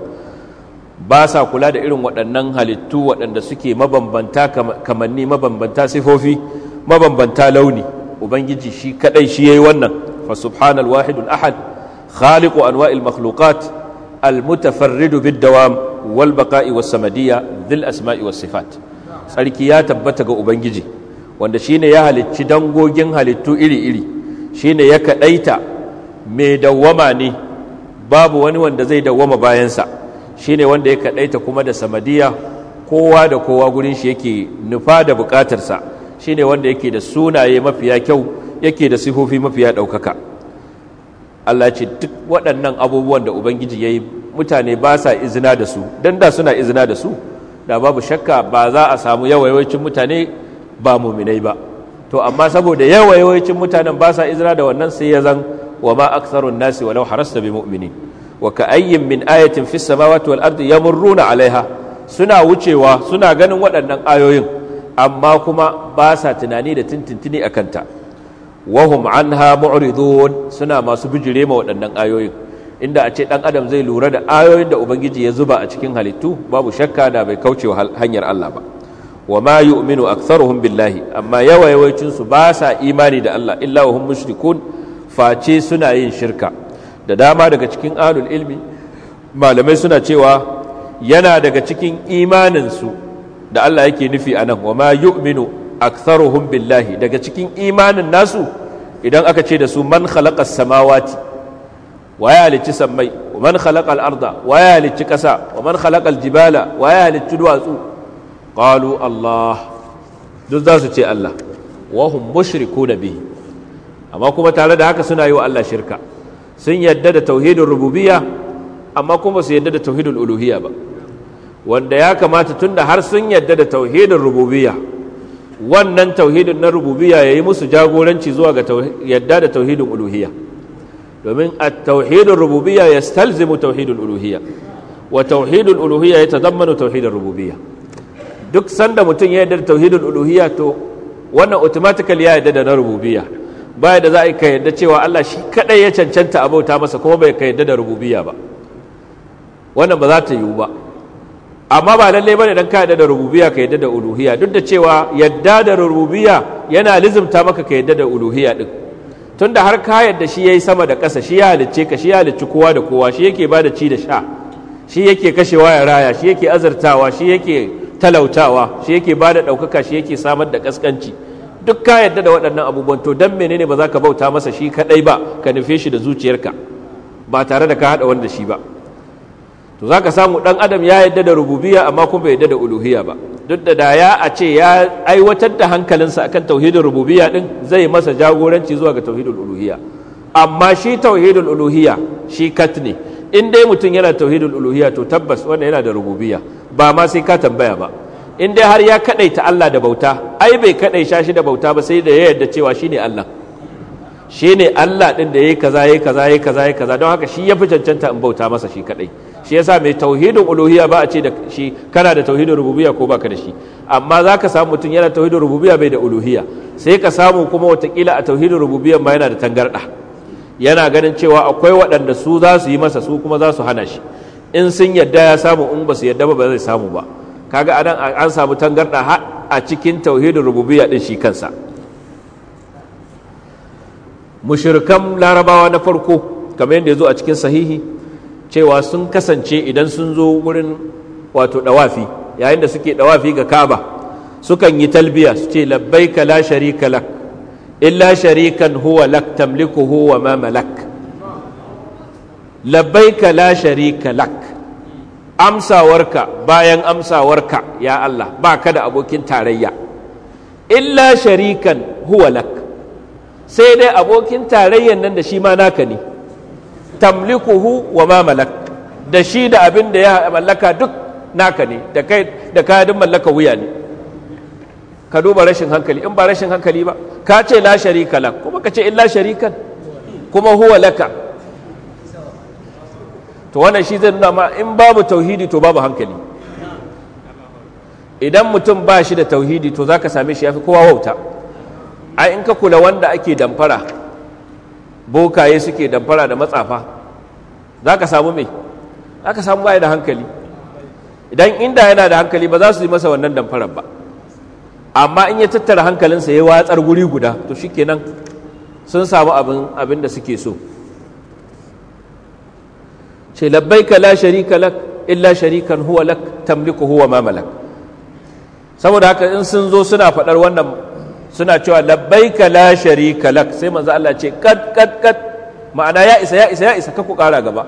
ba sa kula da irin waɗannan halittu waɗanda suke mabambanta kamanni mabambanta sifofi mabambanta launi ubangiji shi kaɗai shi yayi wannan fa subhanal wahidun ahad khaliqu anwa'il makhluqat al mutafarridu bid dawam wal baqa'i samadiya samadiyya dhil asma'i was sifat tsarki ya tabbata ga ubangiji wanda shine ya halicci dangogin halittu iri-iri shine ya kadaita mai dawwama ne babu wani wanda zai dawwama bayansa shine wanda ya kadaita kuma da samadiya kowa da kowa gurin shi yake nufa da bukatarsa shine wanda yake da sunaye mafiya kyau yake da sifofi mafiya daukaka Allah ce duk waɗannan abubuwan da Ubangiji ya yi mutane ba sa izina da su don da suna izina da su da babu shakka ba za a samu yawayawancin mutane ba muminai ba to amma saboda yawayawancin mutanen ba sa izina da wannan sai ya zan wa ma aksarun nasi walau harasta bi mu'mini wa ka ayyin min ayatin fis samawati wal ardi yamurruna alaiha suna wucewa suna ganin waɗannan ayoyin amma kuma ba sa tunani da tintintini a kanta wahum anha mu'ridun suna masu bijire ma waɗannan ayoyin inda a ce dan adam zai lura da ayoyin da ubangiji ya zuba a cikin halittu babu shakka da bai kauce hanyar Allah ba wa ma yu'minu aktharuhum billahi amma yawa yawancin su ba sa imani da Allah illa wa hum mushrikun face suna yin shirka da dama daga cikin alul ilmi malamai suna cewa yana daga cikin imanin su da Allah yake nufi anan wa ma yu'minu aktharuhum billahi daga cikin imanin nasu idan aka ce da su man khalaqa samawati wa ya halicci sammai wa man al arda wa ya halicci kasa wa man al jibala wa ya halicci duwatsu qalu Allah duk za su ce Allah wa hum mushrikuna bi amma kuma tare da haka suna yi wa Allah shirka sun yadda da tauhidin rububiyya amma kuma su yadda da tauhidul uluhiyya ba wanda ya kamata tunda har sun yadda da tauhidin rububiyya wannan tauhidin na rububiyya yayi musu jagoranci zuwa ga yadda da tauhidin uluhiyya domin a tauhid ar ya yastalzimu tauhid al wa tauhid al ya yatadammanu tauhid ar duk sanda mutum ya yarda tauhidin tauhid al to wannan automatically ya yadda da na rububiyya baya da za a ka yadda cewa Allah shi kadai ya cancanta a bauta masa kuma bai ka yarda da rububiyya ba wannan ba za ta yiwu ba amma ba lalle bane dan ka yadda da rububiyya ka yadda da uluhiyya duk da cewa yadda da rububiya yana lizumta maka ka yadda da uluhiyya din tunda har ka yadda shi yi sama da ƙasa shi ya halicce ka shi ya halicci kowa da kowa shi yake bada ci da sha shi yake kashewa ya raya shi yake azartawa shi yake talautawa shi yake bada ɗaukaka shi yake samar da ƙasƙanci duk ka yadda da waɗannan abubuwan to dan menene ba za ka bauta masa shi kaɗai ba ka nufe shi da zuciyarka ba tare da ka haɗa wanda shi ba to za ka samu ɗan adam ya yadda da rububiya amma kuma bai yadda da uluhiya ba duk da da ya a ce ya aiwatar da hankalinsa akan tauhidin rububiya din zai masa jagoranci zuwa ga tauhidul uluhiya amma shi tauhidul uluhiya shi kat ne in dai mutum yana tauhidin uluhiya, to tabbas wanda yana da rububiya ba ma sai ka tambaya ba in dai har ya kadaita Allah da bauta ai bai sha shi da bauta ba sai da ya yarda cewa shine Allah shine Allah din da yayi kaza yayi kaza yayi kaza yayi kaza don haka shi ya fi cancanta in bauta masa shi kaɗai. shi yasa mai tauhidin uluhiya ba a ce da shi kana da tauhidin rububiyya ko ka da shi amma za ka samu mutum yana tauhidin rububiyya bai da uluhiya sai ka samu kuma watakila a tauhidin rububiyya ma yana da tangarda yana ganin cewa akwai waɗanda su za su yi masa su kuma za su hana shi in sun yadda ya samu in ba su yadda ba zai samu ba kaga anan an samu tangarda har a cikin tauhidin rububiyya din shi kansa mushrikan larabawa na farko kamar yadda ya zo a cikin sahihi cewa sun kasance idan sun zo wurin wato dawafi yayin da suke dawafi ga kaba sukan yi talbiya su ce ka la sharika lak illa sharikan huwa lak tamlikuhu wa ma malak ka la sharika lak amsawarka bayan amsawarka ya Allah ba ka da abokin tarayya illa sharikan huwa lak sai dai abokin tarayyan nan da shi ma naka ne tamlikuhu wa ma malak da shi da abin da ya mallaka duk naka ne da kai da kayan mallaka wuya ne ka duba rashin hankali in ba rashin hankali ba ka ce la sharika lak kuma ka ce illa sharikan kuma huwa laka to wannan shi zai nuna ma in babu tauhidi to babu hankali idan mutum ba shi da tauhidi to zaka same shi yafi kowa wauta ai in ka kula wanda ake damfara bokaye suke damfara da matsafa za ka samu mai za ka samu baya da hankali idan inda yana da hankali ba za su yi masa wannan damfarar ba amma in ya tattara hankalinsa ya watsar guri guda to kenan sun samu abin da suke so ce ka la sharika lak illa sharikan huwa lak tamliku huwa mamalak saboda haka in sun zo suna faɗar wannan suna cewa labbaika la sharika lak sai manzo Allah ce kad kad kad ma'ana ya isa ya isa ya isa ka kara gaba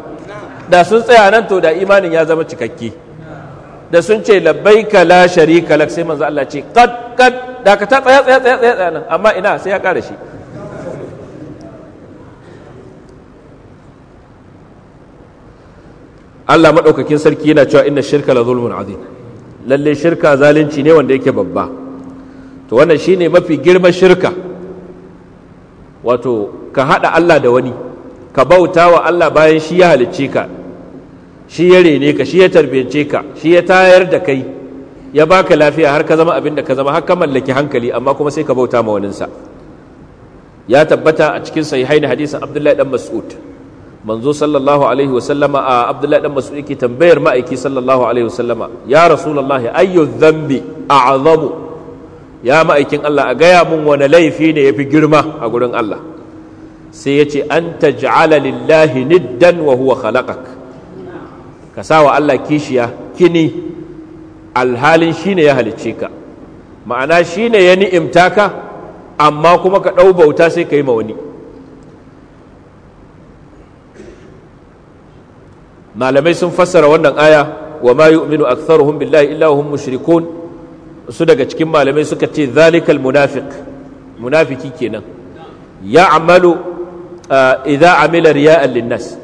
da sun tsaya nan to da imanin ya zama cikakke da sun ce labbaika la sharika lak sai manzo Allah ce kad kad da ka ta tsaya tsaya tsaya tsaya nan amma ina sai ya kara shi Allah madaukakin sarki yana cewa inna shirka la zulmun azim lalle shirka zalunci ne wanda yake babba to wannan shine mafi girma shirka wato ka haɗa Allah da wani ka bauta wa Allah bayan shi ya halicce ka shi ya rene ka shi ya tarbiyance ka shi ya tayar da kai ya baka lafiya har ka zama abin da ka zama har ka mallaki hankali amma kuma sai ka bauta ma waninsa ya tabbata a cikin sahihaini hadisin Abdullahi dan Mas'ud manzo sallallahu alaihi wa sallama a Abdullahi dan Mas'ud yake tambayar ma'aiki sallallahu alaihi wa sallama ya rasulullahi ayyu dhanbi a'zamu ya ma'aikin Allah a gaya mun wani laifi ne ya fi girma a gurin Allah sai ya ce an ta ja'ala lillahi niddan wa huwa khalaqak ka sa wa Allah kishiya kini alhalin shi ne ya halicce ka ma'ana shi ne ya ni'imta ka amma kuma ka ɗau bauta sai ka yi ma wani malamai sun fassara wannan aya wa ma yu'minu aktharuhum billahi illa hum mushrikun su daga cikin malamai suka ce zalikal munafiq munafiki kenan ya amalu uh, idza amila riya'an linnas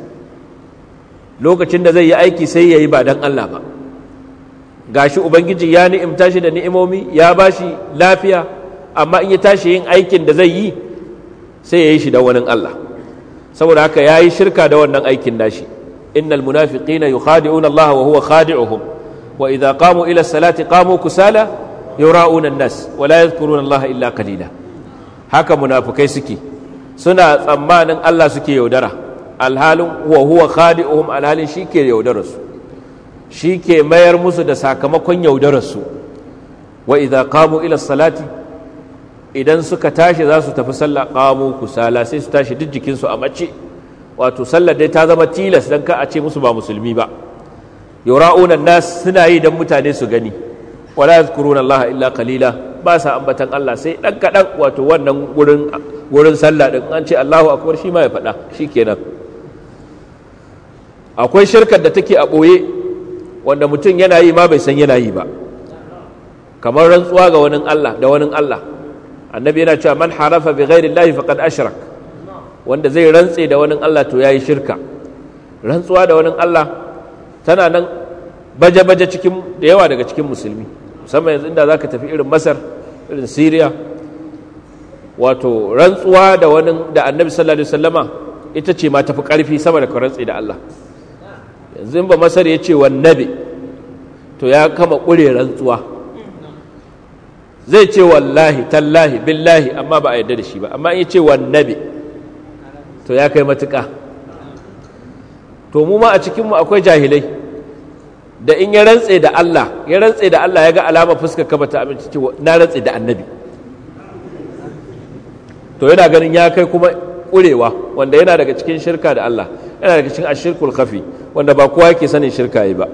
lokacin da zai yi aiki sai yi ba dan Allah ba gashi ubangiji ya ni'imta shi da ni'imomi ya bashi lafiya amma in ya tashi yin aikin da zai yi sai yi shi da wani Allah saboda haka yayi shirka da wannan aikin nashi innal munafiqina yukhadi'una Allah wa huwa khadi'uhum wa idza qamu ila salati qamu kusala yura'una nas wa la yadhkuruna Allah illa qalila haka munafikai suke suna tsammanin Allah suke yaudara alhalin wa huwa khadi'uhum alhalin shike yaudararsu shike mayar musu da sakamakon yaudararsu wa idza qamu ila salati idan suka tashi za su tafi sallah qamu kusala sai su tashi duk jikinsu a mace wato sallar dai ta zama tilas dan ka a ce musu ba musulmi ba yura'una nas suna yi dan mutane su gani wala yadhkuruna Allah illa qalila ba sa ambatan Allah sai dan kadan wato wannan gurin gurin sallah din an ce Allahu akbar shi ma ya faɗa shikenan akwai shirkar da take a boye wanda mutum yana yi ma bai san yana yi ba kamar rantsuwa ga wani Allah da wani Allah annabi yana cewa man harafa bi ghairi Allah faqad ashrak wanda zai rantse da wani Allah to yayi shirka rantsuwa da wani Allah tana nan baje-baje cikin da yawa daga cikin musulmi musamman yanzu inda za ka tafi irin masar irin syria wato rantsuwa da wani da annabi sallallahu alaihi wasallama ita ce ma tafi karfi sama da karantsi da Allah yanzu ba masar ya ce wannabi to ya kama ƙure rantsuwa zai ce wallahi tallahi billahi amma ba a yarda da shi ba amma ya ce wannabi to ya kai matuƙa to mu ma a cikinmu akwai jahilai da in ya rantse da Allah ya rantse da Allah ya ga alama fuskar ka bata amince cewa na rantse da annabi to yana ganin ya kai kuma kurewa wanda yana daga cikin shirka da Allah yana daga cikin ashirkul khafi wanda ba kowa yake sanin shirka yi ba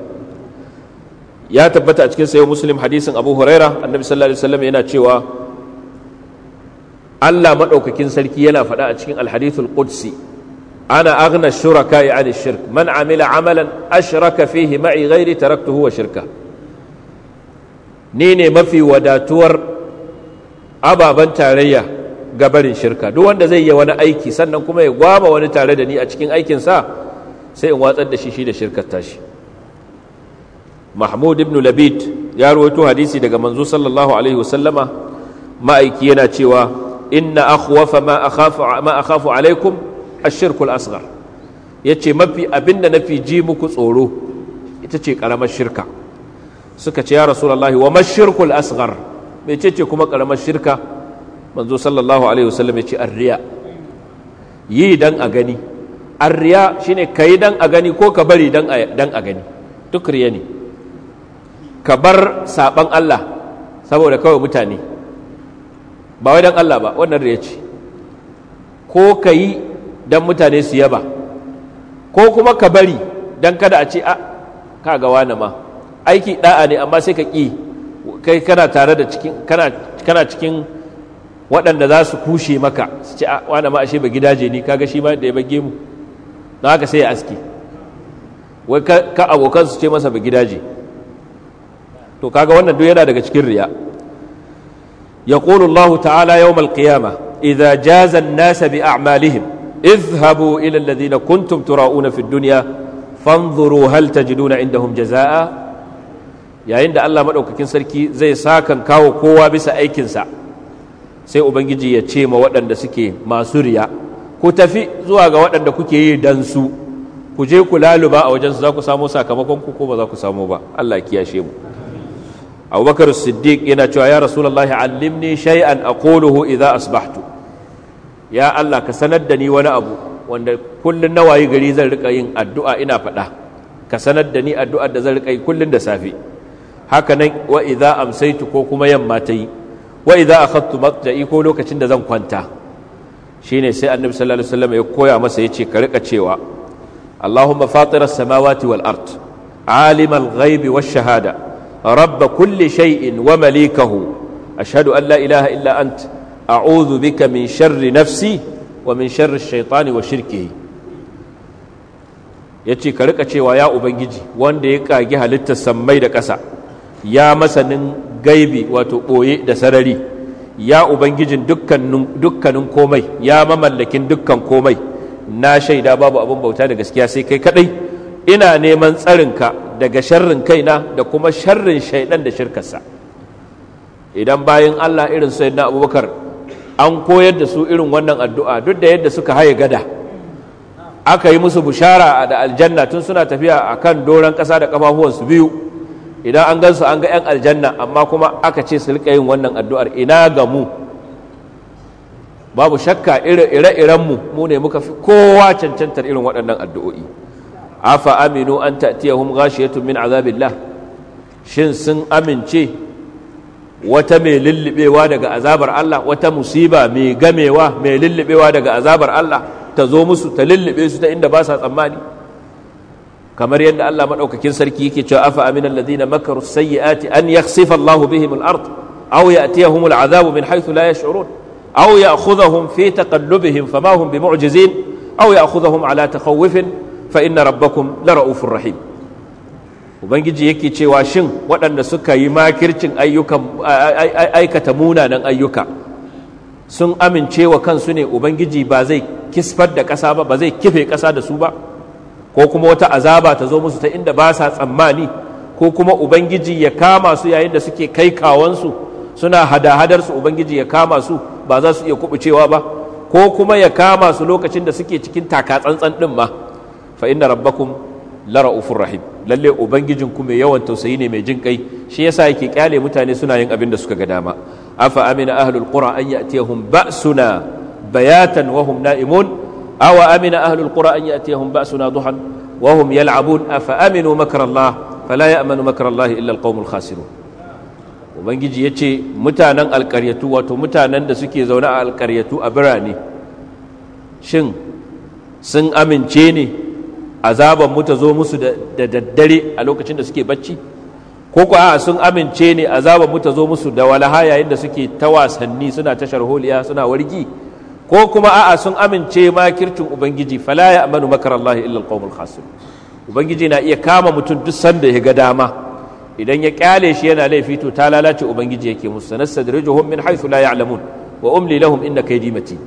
ya tabbata a cikin sayo muslim hadisin abu huraira annabi sallallahu alaihi wasallam yana cewa Allah madaukakin sarki yana faɗa a cikin alhadithul qudsi ana aghna shuraka ya ani shirk man amila amalan ashraka fihi ma'i ghairi taraktuhu wa shirka ni ne mafi wadatuwar ababen tarayya ga barin shirka duk wanda zai yi wani aiki sannan kuma ya gwama wani tare da ni a cikin aikinsa sai in watsar da shi shi da shirkar tashi mahmud ibnu labid ya rawaito hadisi daga manzo sallallahu alaihi wasallama ma'aiki yana cewa inna akhwafa ma ma akhafu alaikum ashirkul asghar ce mafi abinda fi ji muku tsoro ita ce karamar shirka suka ce ya rasulullahi wa mashirkul asghar mecece kuma karamar shirka manzo sallallahu alaihi wasallam yace arriya yi dan a gani arriya shine kai dan a gani ko ka bari dan dan a gani duk riya ne ka bar saban Allah saboda kawai mutane ba wai dan Allah ba wannan riya ce ko ka yi don mutane su yaba ko kuma ka bari don kada a ce a ah, ka ga wani ma aiki da'a ne amma sai ka ƙi kai kana tare da cikin kana cikin waɗanda za su kushe maka su ce a ah, wani ma ashe ba gidaje ni kaga shi ma da ya bage mu don haka sai ya aski wai ka abokan su ce masa ba gidaje to kaga wannan duk yana daga cikin riya ya يقول الله تعالى يوم القيامة إذا جاز الناس بأعمالهم izhabu ila alladhina kuntum tura'una fid dunya fanzuru hal tajiduna indahum jazaa'a yayin da Allah madaukakin sarki zai sakan kawo kowa bisa aikinsa sai ubangiji ya ce ma waɗanda suke masu riya ku tafi zuwa ga waɗanda kuke yi dan su ku je ku laluba a wajensu za ku samu sakamakon ku ko ba za ku samu ba Allah kiyashe mu abubakar siddiq yana cewa ya rasulullahi allimni shay'an aquluhu idza asbahtu ya Allah ka sanar da ni wani abu wanda na wayi gari zan rika yin addu'a ina faɗa ka sanar da ni addu'ar da zan rika yi kullum da safe haka nan wa idza amsaitu ko kuma yamma ta yi wa a akhadtu matja'i ko lokacin da zan kwanta shine sai annabi sallallahu alaihi wasallam ya koya masa ya ce ka rika cewa Allahumma fatira samawati wal ard alim al-ghaibi wash-shahada rabb kulli shay'in wa malikahu ashhadu an la ilaha illa anta a'udhu bika min sharri nafsi wa min sharri shaitani wa shirkihi yace ka rika cewa ya ubangiji wanda ya kage halittar sammai da kasa ya masanin gaibi wato ɓoye da sarari ya ubangijin dukkanin komai ya mamallakin dukkan komai na shaida babu abin bauta da gaskiya sai kai kadai ina neman tsarinka daga sharrin kaina da kuma sharrin shaidan da shirkarsa idan bayan allah irin sayyidina abubakar an koyar da su irin wannan addu'a duk da yadda suka haye gada aka yi musu bushara da aljanna tun suna tafiya a kan doron ƙasa da ƙafafuwansu biyu idan an gansu an ga 'yan aljanna amma kuma aka ce su riƙa yin wannan addu'ar ina ga mu babu shakka ire-irenmu mu ne muka fi kowa cancantar irin waɗannan addu'o'i afa aminu an ta'tiyahum ghashiyatun min azabillah shin sun amince wata mai lullubewa daga azabar Allah wata musiba mai gamewa mai lullubewa daga azabar Allah ta zo musu ta lullube su ta inda ba sa tsammani kamar yadda Allah madaukakin sarki yake cewa afa amina alladhina makaru sayyiati an yakhsifa Allahu bihim al-ard aw ya'tiyahum al-azab min haythu la yash'urun aw ya'khudhahum fi taqallubihim fama hum bimu'jizin aw ya'khudhahum ala takhawufin fa inna rabbakum la ra'ufur rahim ubangiji yake cewa shin waɗanda suka yi makircin aikata munanan ayyuka sun amince wa kansu ne ubangiji ba zai kisfar da ƙasa ba ba zai kife ƙasa da su ba ko kuma wata azaba ta zo musu ta inda ba sa tsammani ko kuma ubangiji ya kama su yayin da suke kai kawansu suna hada-hadarsu ubangiji ya kama su ba za su iya kubucewa ba ko kuma ya kama su lokacin da suke cikin takatsantsan ɗin ma fa inna lara lara'ufur rahim lalle ubangijin ku mai yawan tausayi ne mai jin kai shi yasa yake kyale mutane suna yin abin da suka ga dama afa amina ahlul qura an ya'tiyahum ba'suna bayatan wa hum na'imun aw amina ahlul qura an ya'tiyahum ba'suna duhan wa hum yal'abun afa aminu makra Allah fala ya'manu makra Allah illa alqaumul khasirun ubangiji yace mutanen alkaryatu wato mutanen da suke zaune a alkaryatu a birane shin sun amince ne azaban mu ta zo musu da daddare a lokacin da suke bacci ko ku a'a sun amince ne azaban mu ta zo musu da walaha yayin da suke ta wasanni suna ta sharholiya suna wargi ko kuma a'a sun amince makircin ubangiji fala ya amanu makar Allah illa alqawmul khasir ubangiji na iya kama mutum duk sanda ya ga dama idan ya kyale shi yana laifi to ta lalace ubangiji yake musu sanastadrijuhum min haythu la ya'lamun wa umli lahum inna kai matin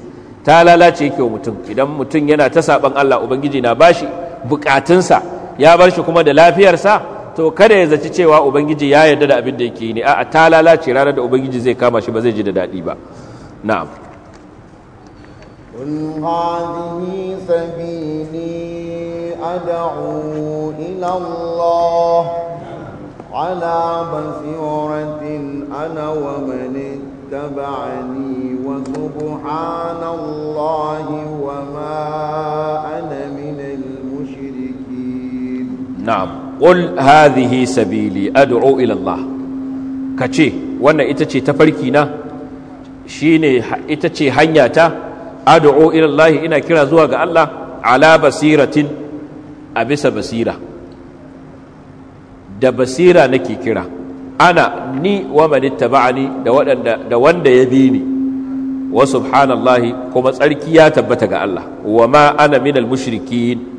ta lalace yake wa mutum idan mutum yana ta saban Allah ubangiji na bashi bukatunsa ya bar shi kuma da lafiyarsa to kada ya zaci cewa ubangiji ya yarda da abin da yake yi ne a'a ta lalace ranar da ubangiji zai kama shi ba zai ji da daɗi ba na'am قل هذه سبيلي أدعو إلى الله على بصيرة أنا ومن اتبعني وسبحان الله وما na'am ul hadhihi sabili ad'u ila Allah kace wannan ita ce tafarki na shine ita ce hanya ta ad'u ila ina kira zuwa ga Allah ala basiratin a bisa basira da basira nake kira ana ni wa man ittaba'ani da wanda ya bi ni wa subhanallahi kuma tsarki ya tabbata ga Allah wa ma ana minal mushrikin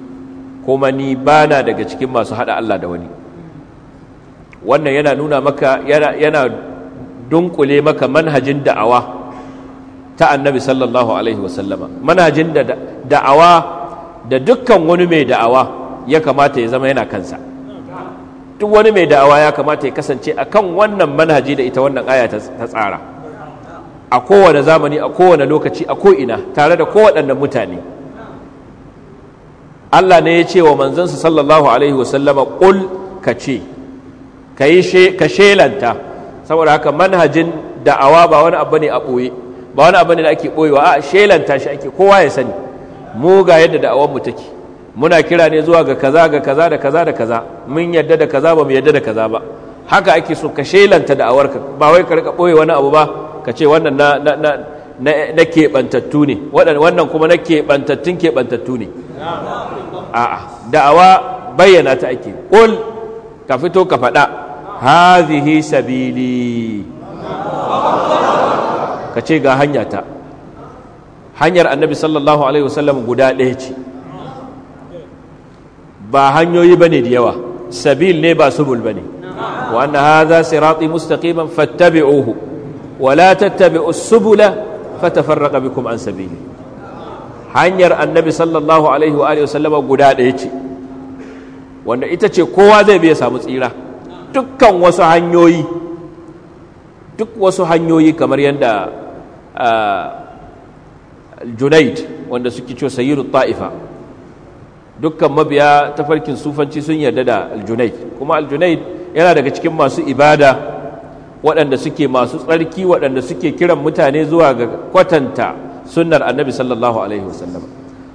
kuma ni bana daga cikin masu hada Allah da wani wannan yana nuna maka yana, yana dunkule maka manhajin da'awa ta annabi sallallahu alaihi wasallama manhajin da da'awa da dukkan wani mai da'awa ya kamata ya zama yana kansa duk wani mai da'awa ya kamata ya kasance a kan wannan manhaji da ita wannan aya ta tsara a kowane zamani a kowane lokaci a ko'ina tare da kowaɗannan mutane Allah ne ya ce wa manzansa sallallahu alaihi wasallama ƙul ka ce ka shelanta saboda haka manhajin da'awa ba wani abu ne a ɓoye ba wani abu ne da ake ɓoyewa a shelanta shi ake kowa ya sani mu ga yadda da'awanmu take muna kira ne zuwa ga kaza ga kaza da kaza da kaza mun yadda da kaza ba mu yadda da kaza ba haka ake so ka shelanta da'awarka ba wai ka rika ɓoye wani abu ba ka ce wannan na na na keɓantattu ne wannan kuma na keɓantattun keɓantattu ne a'a da'awa bayyana ta ake ƙul ka fito ka faɗa hazihi sabili ka ce ga hanya ta hanyar annabi sallallahu alaihi wasallam guda ɗaya ce ba hanyoyi bane da yawa sabil ne ba subul bane wa anna hadha sirati mustaqiman fattabi'uhu wa la tattabi'us subula fatafarraqa bikum an sabili hanyar annabi sallallahu alaihi wa alihi wasallama guda ɗaya ce wanda ita ce kowa zai bi ya samu tsira dukkan wasu hanyoyi duk wasu hanyoyi kamar yadda junaid wanda suke ce sayyidu ta'ifa dukkan mabiya tafarkin sufanci sun yarda da aljunaid kuma aljunaid yana daga cikin masu ibada waɗanda suke masu tsarki waɗanda suke kiran mutane zuwa ga kwatanta sunnar annabi sallallahu alaihi wasallam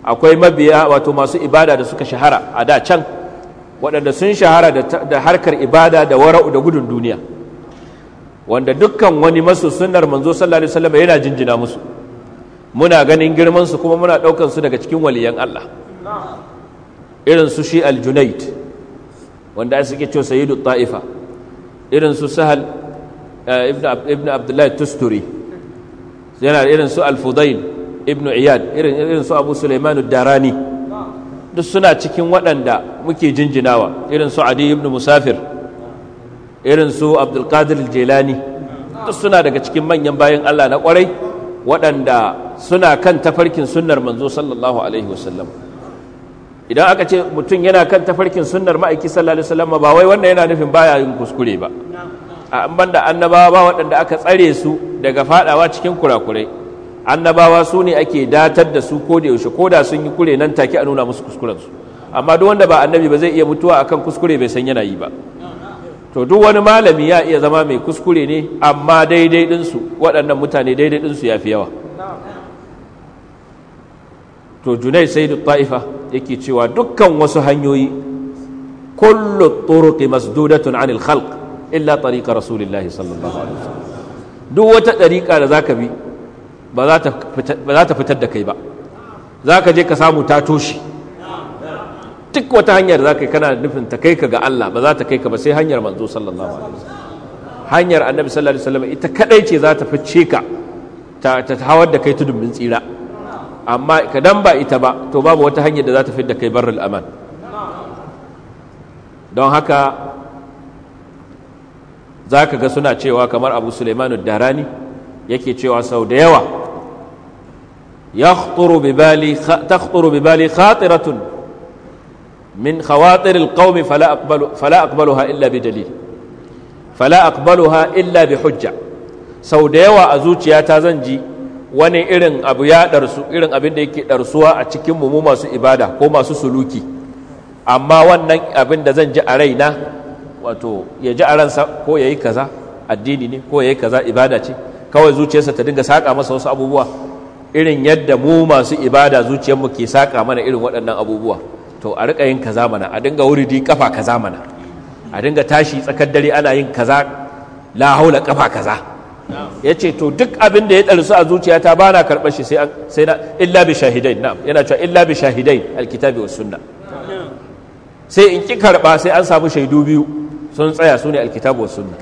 akwai mabiya wato masu ibada da suka shahara a da can waɗanda sun shahara da harkar ibada da wara'u da gudun duniya wanda dukkan wani masu sunnar manzo sallallahu alaihi wasallam yana jinjina musu muna ganin girman su kuma muna ɗaukan su daga cikin waliyan Allah irin su shi aljunaid wanda suke cewa sayyidu ta'ifa irin su sahal eh, ibn abdullahi tusturi yana da irin su al ibn iyad irin su abu sulaiman darani duk suna cikin waɗanda muke jinjinawa irin su adi ibn musafir irin su abdul qadir duk suna daga cikin manyan bayan Allah na kwarai waɗanda suna kan tafarkin sunnar manzo sallallahu alaihi wasallam idan aka ce mutum yana kan tafarkin sunnar ma'aiki sallallahu alaihi wasallam ba wai wannan yana nufin baya yin kuskure ba a an da annabawa ba waɗanda aka tsare su daga fadawa cikin kurakurai annabawa su ne ake datar da su ko da yaushe ko da sun yi kure nan take a nuna musu kuskurensu amma duk wanda ba annabi ba zai iya mutuwa akan kuskure bai san yana yi ba to duk wani malami ya iya zama mai kuskure ne amma daidai ɗinsu waɗannan mutane daidai ɗinsu ya fi yawa to junai sai da ta'ifa yake cewa dukkan wasu hanyoyi kullu turuqi masdudatun anil khalq illa tariqa rasulillahi sallallahu alaihi wasallam duk wata ɗariƙa da zaka bi ba za ta fitar da kai ba za ka je ka samu ta toshe duk wata hanyar da za ka yi kana nufin ta kai ka ga Allah ba za ta kai ka ba sai hanyar manzo sallallahu alaihi wasallam hanyar annabi sallallahu alaihi wasallam ita kadai ce za ta fice ka ta hawar da kai tudun min tsira amma kadan ba ita ba to babu wata hanyar da za ta fitar da kai barrul aman don haka za ka ga suna cewa kamar abu suleimanu darani yake cewa sau da yawa تخطر ببالي خاطرة من خواطر القوم فلا أقبل فلا أقبلها إلا بدليل فلا sau da yawa a zuciyata zan ji wani irin abu ya irin abin da yake ɗarsuwa a cikin mu masu ibada ko masu suluki amma wannan abin da zan ji a raina wato ya ji a ransa ko ya yi kaza addini ne ko ya yi kaza ibada ce kawai zuciyarsa ta dinga saƙa masa wasu abubuwa irin yadda mu masu ibada zuciyarmu ke saƙa mana irin waɗannan abubuwa to a riƙa yin kaza mana a dinga wuridi kafa kaza mana a dinga tashi tsakar dare ana yin kaza la haula kafa kaza yace to duk abin da ya ɗarsu a zuciyata ba na karɓar shi sai na illa bi shahidain na yana cewa illa bi shahidain alkitabi wa sunna sai in ki karba sai an samu shaidu biyu sun tsaya su ne alkitabu wasu sunna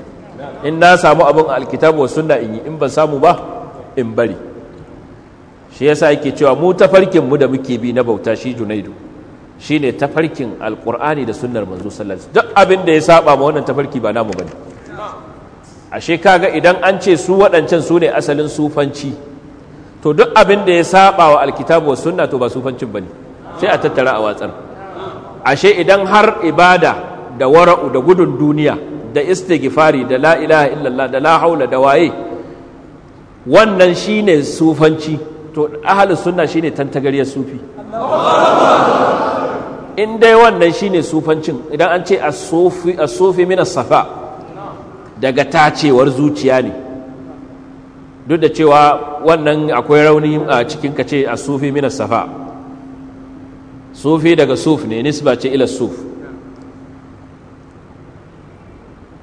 in na samu abin alkitabu wasu sunna in yi in ban samu ba in bari shi yasa yake cewa mu tafarkin mu da muke bi na bauta shi junaidu shine tafarkin alkur'ani da sunnar manzo sallallahu duk abin da ya saba ma wannan tafarki ba namu bane ashe kaga idan an ce su waɗancan su ne asalin sufanci to duk abin da ya saba wa alkitabu was sunna to ba sufancin bane sai a tattara a watsar ashe idan har ibada da wara'u da gudun duniya da istighfari da la ilaha illallah da la haula da waye wannan shine sufanci to ahli sunna shine tantagariyar sufi in dai wannan shine sufancin idan an ce as-sufi as min as-safa daga tacewar zuciya ne duk da cewa wannan akwai rauni a cikin kace as-sufi min as-safa sufi daga suf ne nisba ce ila suf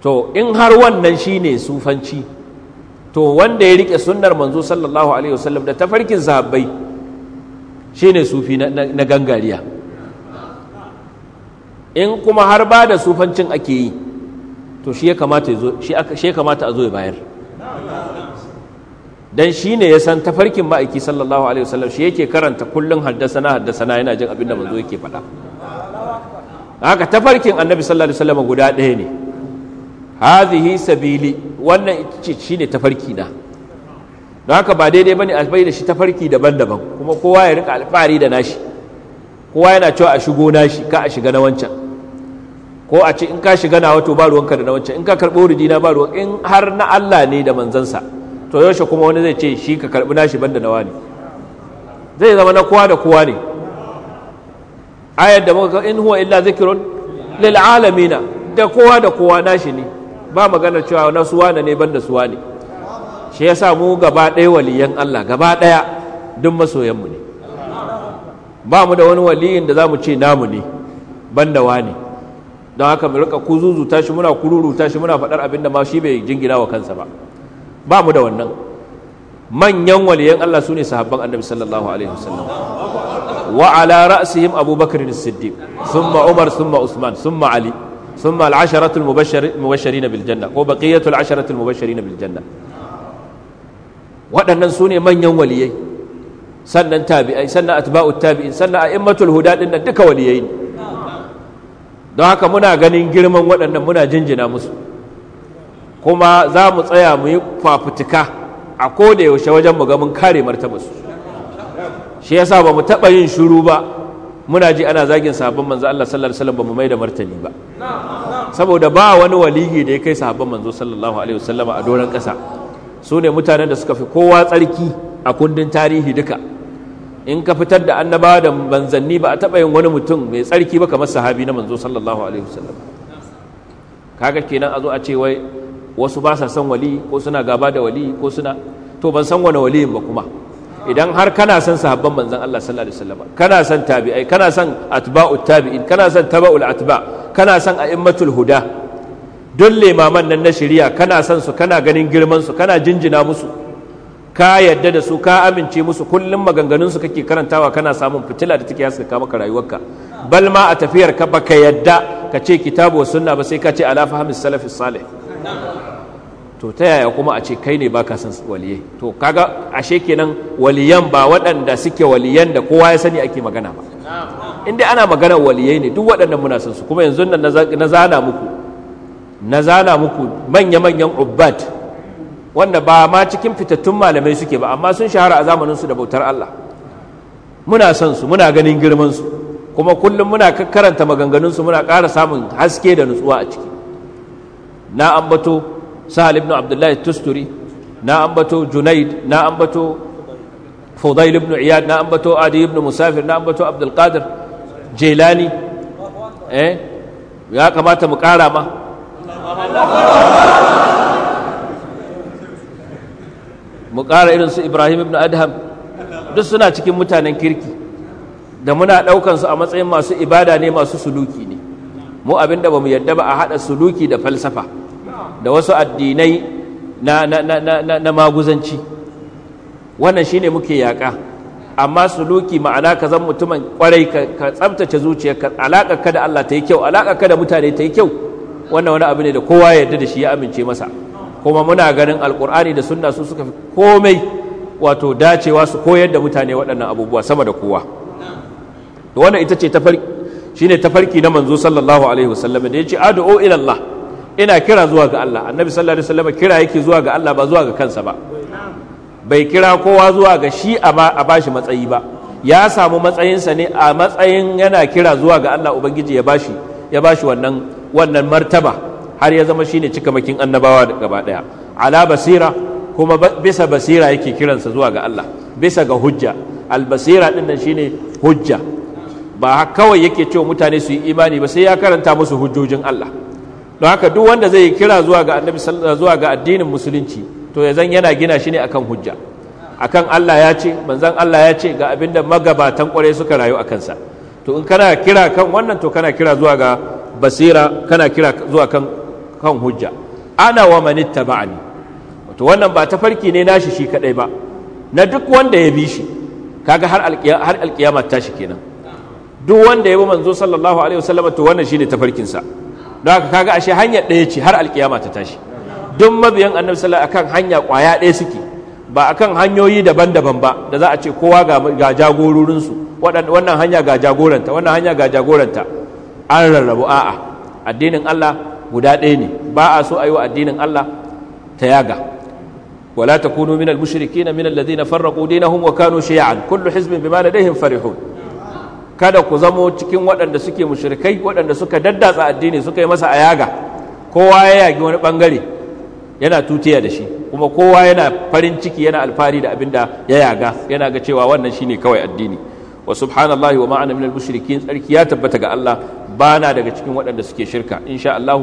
to in har wannan shine sufanci to wanda ya rike sunnar manzo sallallahu alaihi wasallam da tafarkin zahabbai shine sufi na gangariya in kuma har ba da sufancin ake yi to shi ya kamata a zo ya bayar dan shi ne ya san tafarkin ma'aiki sallallahu alaihi wasallam shi yake karanta kullun haddasana haddasana yana jin abin da manzo yake faɗa haka tafarkin annabi sallallahu alaihi wasallam guda ɗaya ne hazihi sabili wannan ita ce ne tafarki na don haka ba daidai bane a bai da shi tafarki daban-daban kuma kowa ya rika alfahari da nashi kowa yana cewa a shigo nashi ka a shiga na wancan ko a ce in ka shiga na wato ba ruwanka da na wancan in ka karɓo rijina ba ruwan in har na Allah ne da manzansa to yaushe kuma wani zai ce shi ka karbi nashi banda nawa ne zai zama na kowa da kowa ne ayar da muka in huwa illa zikirun lil alamina da kowa da kowa nashi ne ba magana cewa na suwa ne banda suwa ne shi yasa mu gaba ɗaya waliyan Allah gaba ɗaya duk masoyan mu ne ba mu da wani waliyin da zamu ce namu ne banda wani don haka mu rika kuzuzu tashi muna kururu tashi muna faɗar abin da ma shi bai jingina wa kansa ba ba mu da wannan manyan waliyan Allah su ne sahabban annabi sallallahu alaihi wasallam wa ala ra'sihim abubakar as-siddiq thumma umar thumma usman thumma ali thumma al-asharatu al-mubashirin bil janna ko baqiyatu al-asharatu al-mubashirin bil janna waɗannan su ne manyan waliyai sannan tabi'ai sannan atba'u tabi'in sannan a'immatul huda din duka waliyai don haka muna ganin girman waɗannan muna jinjina musu kuma za mu tsaya mu yi fafutuka a koda yaushe wajen mu ga mun kare martabarsu shi ya sa ba mu taɓa yin shiru ba muna ji ana zagin sabon manzo Allah sallallahu alaihi wasallam ba mu mai martani ba saboda ba wani waliyi da ya kai sabon manzo sallallahu alaihi wasallam a doron ƙasa su ne mutanen da suka fi kowa tsarki a kundin tarihi duka in ka fitar da annabawa da manzanni ba a taɓa yin wani mutum mai tsarki ba kamar sahabi na manzo sallallahu alaihi wasallam kaga kenan a zo a ce wai wasu ba sa san wali ko suna gaba da wali ko suna to ban san wani waliyin ba kuma idan har kana san sahabban manzon Allah sallallahu alaihi wasallam kana san tabi'ai kana san atba'ut tabi'in kana san tabaul atba kana san a'immatul huda duk limaman nan na shari'a kana san su kana ganin girman su kana jinjina musu ka yadda da su ka amince musu kullum maganganun su kake karantawa kana samun fitila da take haskaka maka rayuwarka bal ma a tafiyar ka baka yadda ka ce kitabu sunna ba sai ka ce ala fahmi salafis salih to ta yaya kuma a ce kai ne baka san waliyai to kaga ashe kenan waliyan ba waɗanda suke waliyan da kowa ya sani ake magana ba inda ana magana waliyai ne duk waɗanda muna san su kuma yanzu nan na zana muku na zana muku manya-manyan ubbat wanda ba ma cikin fitattun malamai suke ba amma sun shahara a zamanin su da bautar Allah muna san su muna ganin girmansu kuma kullum muna karanta maganganunsu muna kara samun haske da nutsuwa a ciki na ambato sahal ibn abdullahi tusturi na ambato junaid na ambato fudail ibn iyad na ambato adi ibn musafir na ambato abdul qadir jelani eh ya kamata mu kara ma mu kara irin su ibrahim ibn adham duk suna cikin mutanen kirki da muna ɗaukansu a matsayin masu ibada ne masu suluki ne mu abinda ba mu yadda ba a haɗa suluki da falsafa da wasu addinai na, maguzanci wannan shine muke yaƙa amma suluki ma'ana ka zan mutumin kwarai ka tsabtace zuciyarka alaƙa ka da Allah ta yi kyau alaƙa ka da mutane ta yi kyau wannan wani abu ne da kowa ya yarda da shi ya amince masa kuma muna ganin alƙur'ani da sunna su suka fi komai wato dacewa su koyar da mutane waɗannan abubuwa sama da kowa wannan ita ce tafarki shine tafarki na manzo sallallahu alaihi wasallam da ya ce, ila Allah ina kira zuwa ga Allah annabi sallallahu alaihi wasallam kira yake zuwa ga Allah ba zuwa ga kansa ba bai kira kowa zuwa ga shi a a bashi matsayi ba ya samu matsayinsa ne a matsayin yana kira zuwa ga Allah ubangiji ya bashi ya bashi wannan wannan martaba har ya zama shine cikamakin annabawa gaba daya ala basira kuma bisa basira yake kiransa zuwa ga Allah bisa ga hujja albasira din nan shine hujja ba kawai yake cewa mutane su yi imani ba sai ya karanta musu hujjojin Allah don haka duk wanda zai kira zuwa ga annabi eh, zuwa ga addinin musulunci to ya zan yana gina shi ne akan hujja akan Allah ya ce manzon Allah ya ce ga abinda magabatan kwarai suka rayu akan sa to in kana kira kan wannan to kana kira zuwa ga basira kana kira zuwa kan kan hujja ana wa manittaba'ani to wannan ba ta farki ne nashi shi kadai ba na duk wanda ya bi shi kaga har alkiyama har alkiyama tashi kenan duk wanda ya bi manzo sallallahu alaihi wasallam to wannan shine tafarkin sa don haka kaga ashe hanya ɗaya ce har alkiyama ta tashi duk mabiyan annabi sallallahu akan hanya kwaya ɗaya suke ba akan hanyoyi daban-daban ba da za a ce kowa ga su wannan hanya ga jagoranta wannan hanya ga jagoranta an rarrabu a'a addinin Allah guda ɗaya ne ba a so a addinin Allah ta yaga wala ولا minal mushrikeena المشركين من farraqu فرقوا wa kanu شيعا kullu hizbin bima ladayhim farihun. kada ku zamo cikin waɗanda suke mushrikai waɗanda suka daddatsa addini suka yi masa ayaga kowa ya yagi wani bangare yana tutiya da shi kuma kowa yana farin ciki yana alfahari da abin da ya yaga yana ga cewa wannan shine kawai addini wa subhanallahi wa ma'ana minal mushrikin tsarki ya tabbata ga Allah bana daga cikin waɗanda suke shirka insha Allah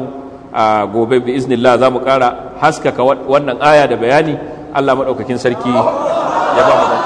a gobe bi iznillah za mu ƙara haskaka wannan aya da bayani Allah madaukakin sarki ya ba mu